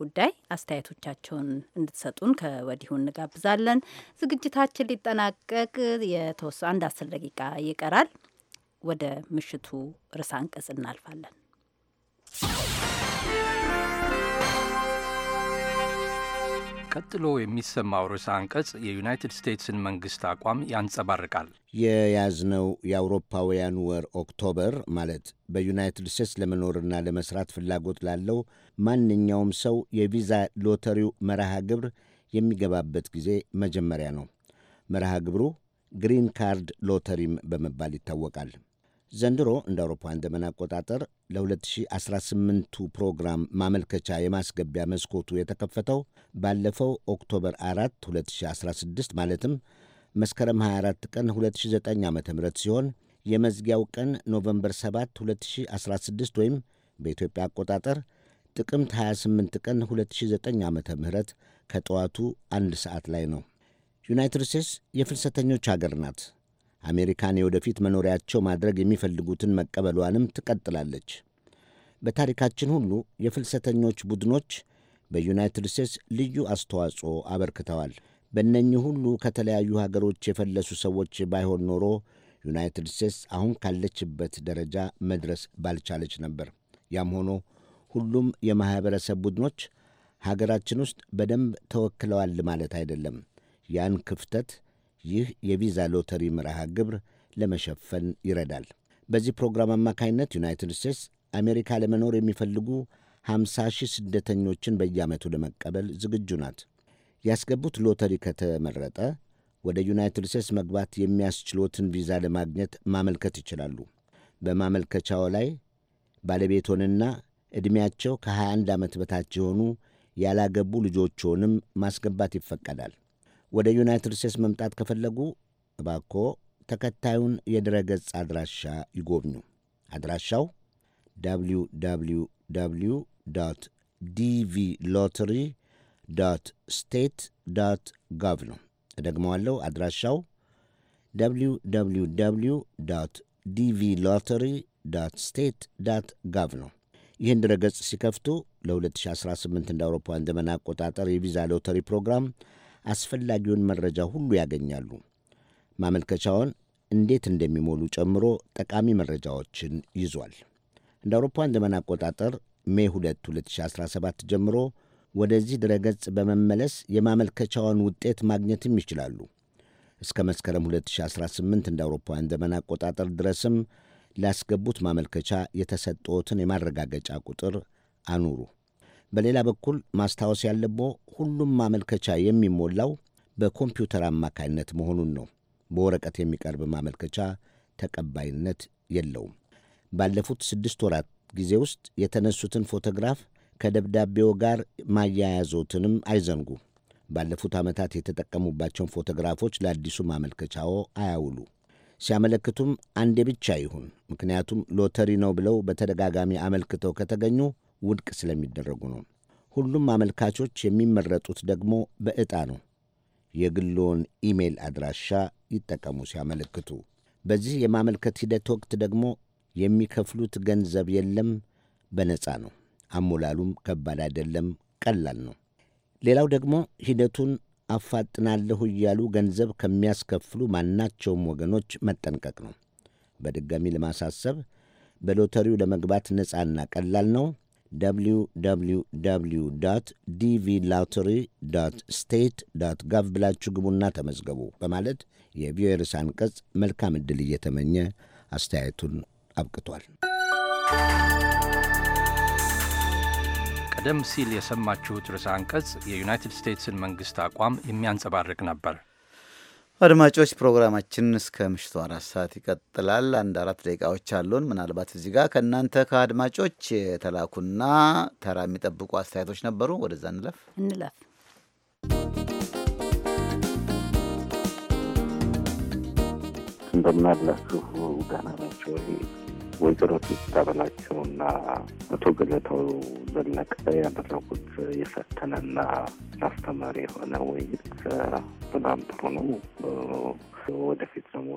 ጉዳይ አስተያየቶቻቸውን እንድትሰጡን ከወዲሁ እንጋብዛለን። ዝግጅታችን ሊጠናቀቅ የተወሰ አንድ አስር ደቂቃ ይቀራል። ወደ ምሽቱ ርዕሰ አንቀጽ እናልፋለን። ቀጥሎ የሚሰማው ርዕሰ አንቀጽ የዩናይትድ ስቴትስን መንግሥት አቋም ያንጸባርቃል። የያዝነው የአውሮፓውያን ወር ኦክቶበር ማለት በዩናይትድ ስቴትስ ለመኖርና ለመስራት ፍላጎት ላለው ማንኛውም ሰው የቪዛ ሎተሪው መርሃ ግብር የሚገባበት ጊዜ መጀመሪያ ነው። መርሃ ግብሩ ግሪን ካርድ ሎተሪም በመባል ይታወቃል። ዘንድሮ እንደ አውሮፓውያን ዘመን አቆጣጠር ለ2018ቱ ፕሮግራም ማመልከቻ የማስገቢያ መስኮቱ የተከፈተው ባለፈው ኦክቶበር 4 2016 ማለትም መስከረም 24 ቀን 2009 ዓ ም ሲሆን የመዝጊያው ቀን ኖቨምበር 7 2016 ወይም በኢትዮጵያ አቆጣጠር ጥቅምት 28 ቀን 2009 ዓ ም ከጠዋቱ አንድ ሰዓት ላይ ነው። ዩናይትድ ስቴትስ የፍልሰተኞች አገር ናት። አሜሪካን የወደፊት መኖሪያቸው ማድረግ የሚፈልጉትን መቀበሏንም ትቀጥላለች። በታሪካችን ሁሉ የፍልሰተኞች ቡድኖች በዩናይትድ ስቴትስ ልዩ አስተዋጽኦ አበርክተዋል። በእነኚህ ሁሉ ከተለያዩ ሀገሮች የፈለሱ ሰዎች ባይሆን ኖሮ ዩናይትድ ስቴትስ አሁን ካለችበት ደረጃ መድረስ ባልቻለች ነበር። ያም ሆኖ ሁሉም የማኅበረሰብ ቡድኖች ሀገራችን ውስጥ በደንብ ተወክለዋል ማለት አይደለም። ያን ክፍተት ይህ የቪዛ ሎተሪ መርሃ ግብር ለመሸፈን ይረዳል። በዚህ ፕሮግራም አማካይነት ዩናይትድ ስቴትስ አሜሪካ ለመኖር የሚፈልጉ 50 ሺህ ስደተኞችን በየዓመቱ ለመቀበል ዝግጁ ናት። ያስገቡት ሎተሪ ከተመረጠ ወደ ዩናይትድ ስቴትስ መግባት የሚያስችሎትን ቪዛ ለማግኘት ማመልከት ይችላሉ። በማመልከቻው ላይ ባለቤቶንና ዕድሜያቸው ከ21 ዓመት በታች የሆኑ ያላገቡ ልጆችንም ማስገባት ይፈቀዳል። ወደ ዩናይትድ ስቴትስ መምጣት ከፈለጉ እባኮ ተከታዩን ገጽ አድራሻ ይጎብኙ። አድራሻው www ዲቪ ሎተሪ ስቴት ጋቭ ነው። እደግመዋለሁ። አድራሻው www ዲቪ ሎተሪ ስቴት ጋቭ ነው። ይህን ድረ ገጽ ሲከፍቱ ለ2018 እንደ አውሮፓውያን ዘመን አቆጣጠር የቪዛ ሎተሪ ፕሮግራም አስፈላጊውን መረጃ ሁሉ ያገኛሉ። ማመልከቻውን እንዴት እንደሚሞሉ ጨምሮ ጠቃሚ መረጃዎችን ይዟል። እንደ አውሮፓውያን ዘመን አቆጣጠር ሜ 2 2017 ጀምሮ ወደዚህ ድረገጽ በመመለስ የማመልከቻውን ውጤት ማግኘትም ይችላሉ። እስከ መስከረም 2018 እንደ አውሮፓውያን ዘመን አቆጣጠር ድረስም ላስገቡት ማመልከቻ የተሰጠዎትን የማረጋገጫ ቁጥር አኑሩ። በሌላ በኩል ማስታወስ ያለብዎ ሁሉም ማመልከቻ የሚሞላው በኮምፒውተር አማካይነት መሆኑን ነው። በወረቀት የሚቀርብ ማመልከቻ ተቀባይነት የለውም። ባለፉት ስድስት ወራት ጊዜ ውስጥ የተነሱትን ፎቶግራፍ ከደብዳቤው ጋር ማያያዞትንም አይዘንጉ። ባለፉት ዓመታት የተጠቀሙባቸውን ፎቶግራፎች ለአዲሱ ማመልከቻዎ አያውሉ። ሲያመለክቱም አንዴ ብቻ ይሁን። ምክንያቱም ሎተሪ ነው ብለው በተደጋጋሚ አመልክተው ከተገኙ ውድቅ ስለሚደረጉ ነው። ሁሉም አመልካቾች የሚመረጡት ደግሞ በዕጣ ነው። የግሎን ኢሜይል አድራሻ ይጠቀሙ ሲያመለክቱ። በዚህ የማመልከት ሂደት ወቅት ደግሞ የሚከፍሉት ገንዘብ የለም፣ በነፃ ነው። አሞላሉም ከባድ አይደለም፣ ቀላል ነው። ሌላው ደግሞ ሂደቱን አፋጥናለሁ እያሉ ገንዘብ ከሚያስከፍሉ ማናቸውም ወገኖች መጠንቀቅ ነው። በድጋሚ ለማሳሰብ በሎተሪው ለመግባት ነፃና ቀላል ነው። www ዲቪ ላውተሪ ስቴት ጋቭ ብላችሁ ግቡና ተመዝገቡ በማለት የቪኦኤ ርዕሰ አንቀጽ መልካም ዕድል እየተመኘ አስተያየቱን አብቅቷል። ቀደም ሲል የሰማችሁት ርዕሰ አንቀጽ የዩናይትድ ስቴትስን መንግሥት አቋም የሚያንጸባርቅ ነበር። አድማጮች ፕሮግራማችን እስከ ምሽቱ አራት ሰዓት ይቀጥላል። አንድ አራት ደቂቃዎች አሉን። ምናልባት እዚህ ጋር ከእናንተ ከአድማጮች የተላኩና ተራ የሚጠብቁ አስተያየቶች ነበሩ። ወደዛ እንለፍ እንለፍ። እንደምናላችሁ አላችሁ? ናቸው። ወይዘሮ ትዝታ በላቸውና አቶ ገለታው ዘለቀ ያደረጉት የፈተነና አስተማሪ የሆነ ውይይት በጣም ጥሩ ነው። ወደፊት ደግሞ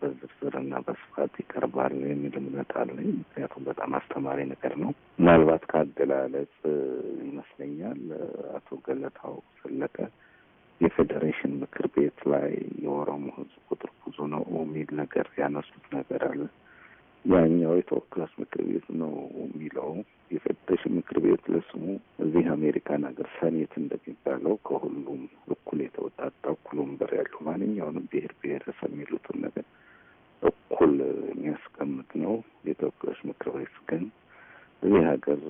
በዝርዝር እና በስፋት ይቀርባል የሚል እምነት አለኝ። ምክንያቱም በጣም አስተማሪ ነገር ነው። ምናልባት ከአገላለጽ ይመስለኛል አቶ ገለታው ዘለቀ የፌዴሬሽን ምክር ቤት ላይ የኦሮሞ ሕዝብ ቁጥር ብዙ ነው የሚል ነገር ያነሱት ነገር አለ ያኛው የተወካዮች ምክር ቤት ነው የሚለው የፌዴሬሽን ምክር ቤት ለስሙ እዚህ አሜሪካን ሀገር ሰኔት እንደሚባለው ከሁሉም እኩል የተወጣጣ እኩል ወንበር ያለው ማንኛውንም ብሔር ብሔረሰብ የሚሉትን ነገር እኩል የሚያስቀምጥ ነው። የተወካዮች ምክር ቤት ግን እዚህ ሀገር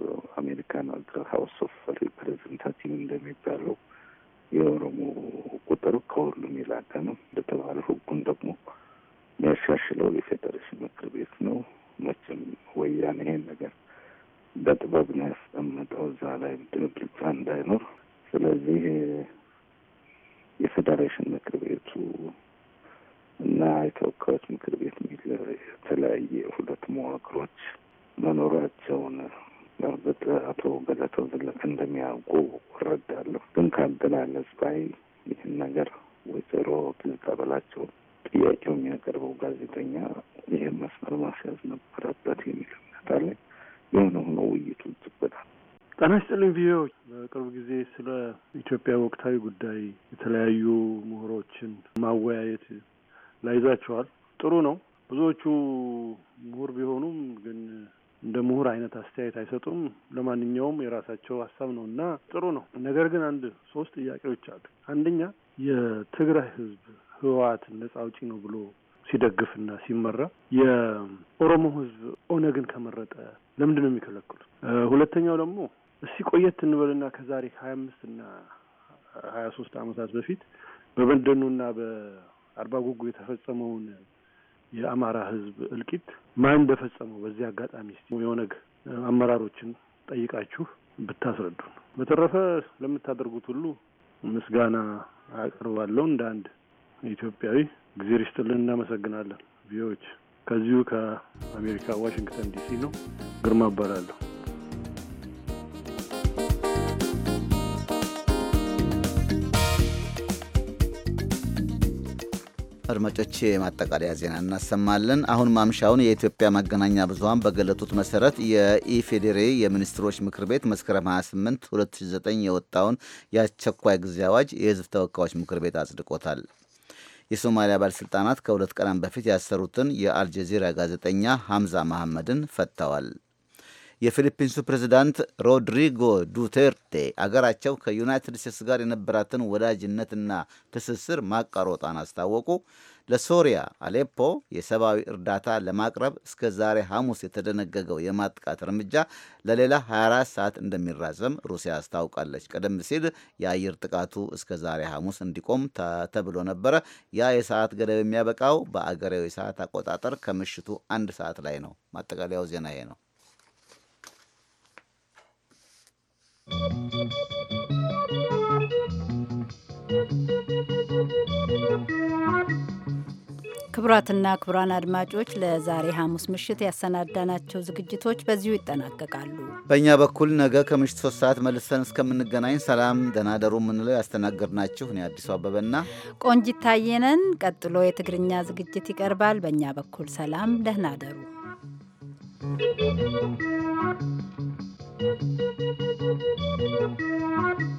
አሜሪካን ሀገር ሀውስ ኦፍ ሪፕሬዘንታቲቭ እንደሚባለው የኦሮሞ ቁጥር ከሁሉም የላቀ ነው እንደተባለ ህጉን ደግሞ የሚያሻሽለው በጥበብ ነው ያስቀምጠው እዛ ላይ ድብልጫ እንዳይኖር። ስለዚህ የፌዴሬሽን ምክር ቤቱ እና የተወካዮች ምክር ቤት የሚል የተለያየ ሁለት መዋቅሮች መኖራቸውን በእርግጥ አቶ ገለተው ዘለቀ እንደሚያውቁ እረዳለሁ። ግን ካገላለጽ ባይ ይህን ነገር ወይዘሮ ትዝታ በላቸው ጥያቄው የሚያቀርበው ጋዜጠኛ ይህን መስመር ማስያዝ ነበረበት የሚል እምነት አለኝ። የሆነ ሆኖ ውይይቱ ይችበታል። ጤና ይስጥልኝ ቪኦኤዎች። በቅርብ ጊዜ ስለ ኢትዮጵያ ወቅታዊ ጉዳይ የተለያዩ ምሁሮችን ማወያየት ላይዛቸዋል። ጥሩ ነው። ብዙዎቹ ምሁር ቢሆኑም ግን እንደ ምሁር አይነት አስተያየት አይሰጡም። ለማንኛውም የራሳቸው ሀሳብ ነው እና ጥሩ ነው። ነገር ግን አንድ ሶስት ጥያቄዎች አሉ። አንደኛ የትግራይ ህዝብ ህወሓትን ነጻ አውጪ ነው ብሎ ሲደግፍና ሲመራ የኦሮሞ ህዝብ ኦነግን ከመረጠ ለምንድን ነው የሚከለክሉት? ሁለተኛው ደግሞ እስቲ ቆየት እንበልና ከዛሬ ሀያ አምስት እና ሀያ ሶስት አመታት በፊት በበንደኖና በአርባ ጉጉ የተፈጸመውን የአማራ ህዝብ እልቂት ማን እንደፈጸመው በዚህ አጋጣሚ ስ የኦነግ አመራሮችን ጠይቃችሁ ብታስረዱን። በተረፈ ለምታደርጉት ሁሉ ምስጋና አቅርባለሁ እንደ አንድ ኢትዮጵያዊ። ጊዜ ርስጥልን እናመሰግናለን። ቪዎች ከዚሁ ከአሜሪካ ዋሽንግተን ዲሲ ነው። ግርማ እባላለሁ። አድማጮች የማጠቃለያ ዜና እናሰማለን። አሁን ማምሻውን የኢትዮጵያ መገናኛ ብዙኃን በገለጡት መሰረት የኢፌዴሬ የሚኒስትሮች ምክር ቤት መስከረም 28 2009 የወጣውን የአስቸኳይ ጊዜ አዋጅ የሕዝብ ተወካዮች ምክር ቤት አጽድቆታል። የሶማሊያ ባለሥልጣናት ከሁለት ቀናት በፊት ያሰሩትን የአልጀዚራ ጋዜጠኛ ሐምዛ መሐመድን ፈትተዋል። የፊሊፒንሱ ፕሬዚዳንት ሮድሪጎ ዱቴርቴ አገራቸው ከዩናይትድ ስቴትስ ጋር የነበራትን ወዳጅነትና ትስስር ማቃሮጣን አስታወቁ። ለሶሪያ አሌፖ የሰብአዊ እርዳታ ለማቅረብ እስከ ዛሬ ሐሙስ የተደነገገው የማጥቃት እርምጃ ለሌላ 24 ሰዓት እንደሚራዘም ሩሲያ አስታውቃለች። ቀደም ሲል የአየር ጥቃቱ እስከ ዛሬ ሐሙስ እንዲቆም ተብሎ ነበረ። ያ የሰዓት ገደብ የሚያበቃው በአገሬው የሰዓት አቆጣጠር ከምሽቱ አንድ ሰዓት ላይ ነው። ማጠቃለያው ዜና ይሄ ነው። ክቡራትና ክቡራን አድማጮች ለዛሬ ሐሙስ ምሽት ያሰናዳናቸው ዝግጅቶች በዚሁ ይጠናቀቃሉ። በእኛ በኩል ነገ ከምሽት ሶስት ሰዓት መልሰን እስከምንገናኝ ሰላም ደናደሩ የምንለው ያስተናገድናችሁ እኔ አዲሱ አበበና ቆንጂት ታየነን። ቀጥሎ የትግርኛ ዝግጅት ይቀርባል። በእኛ በኩል ሰላም ደህና ደሩ። Thank you.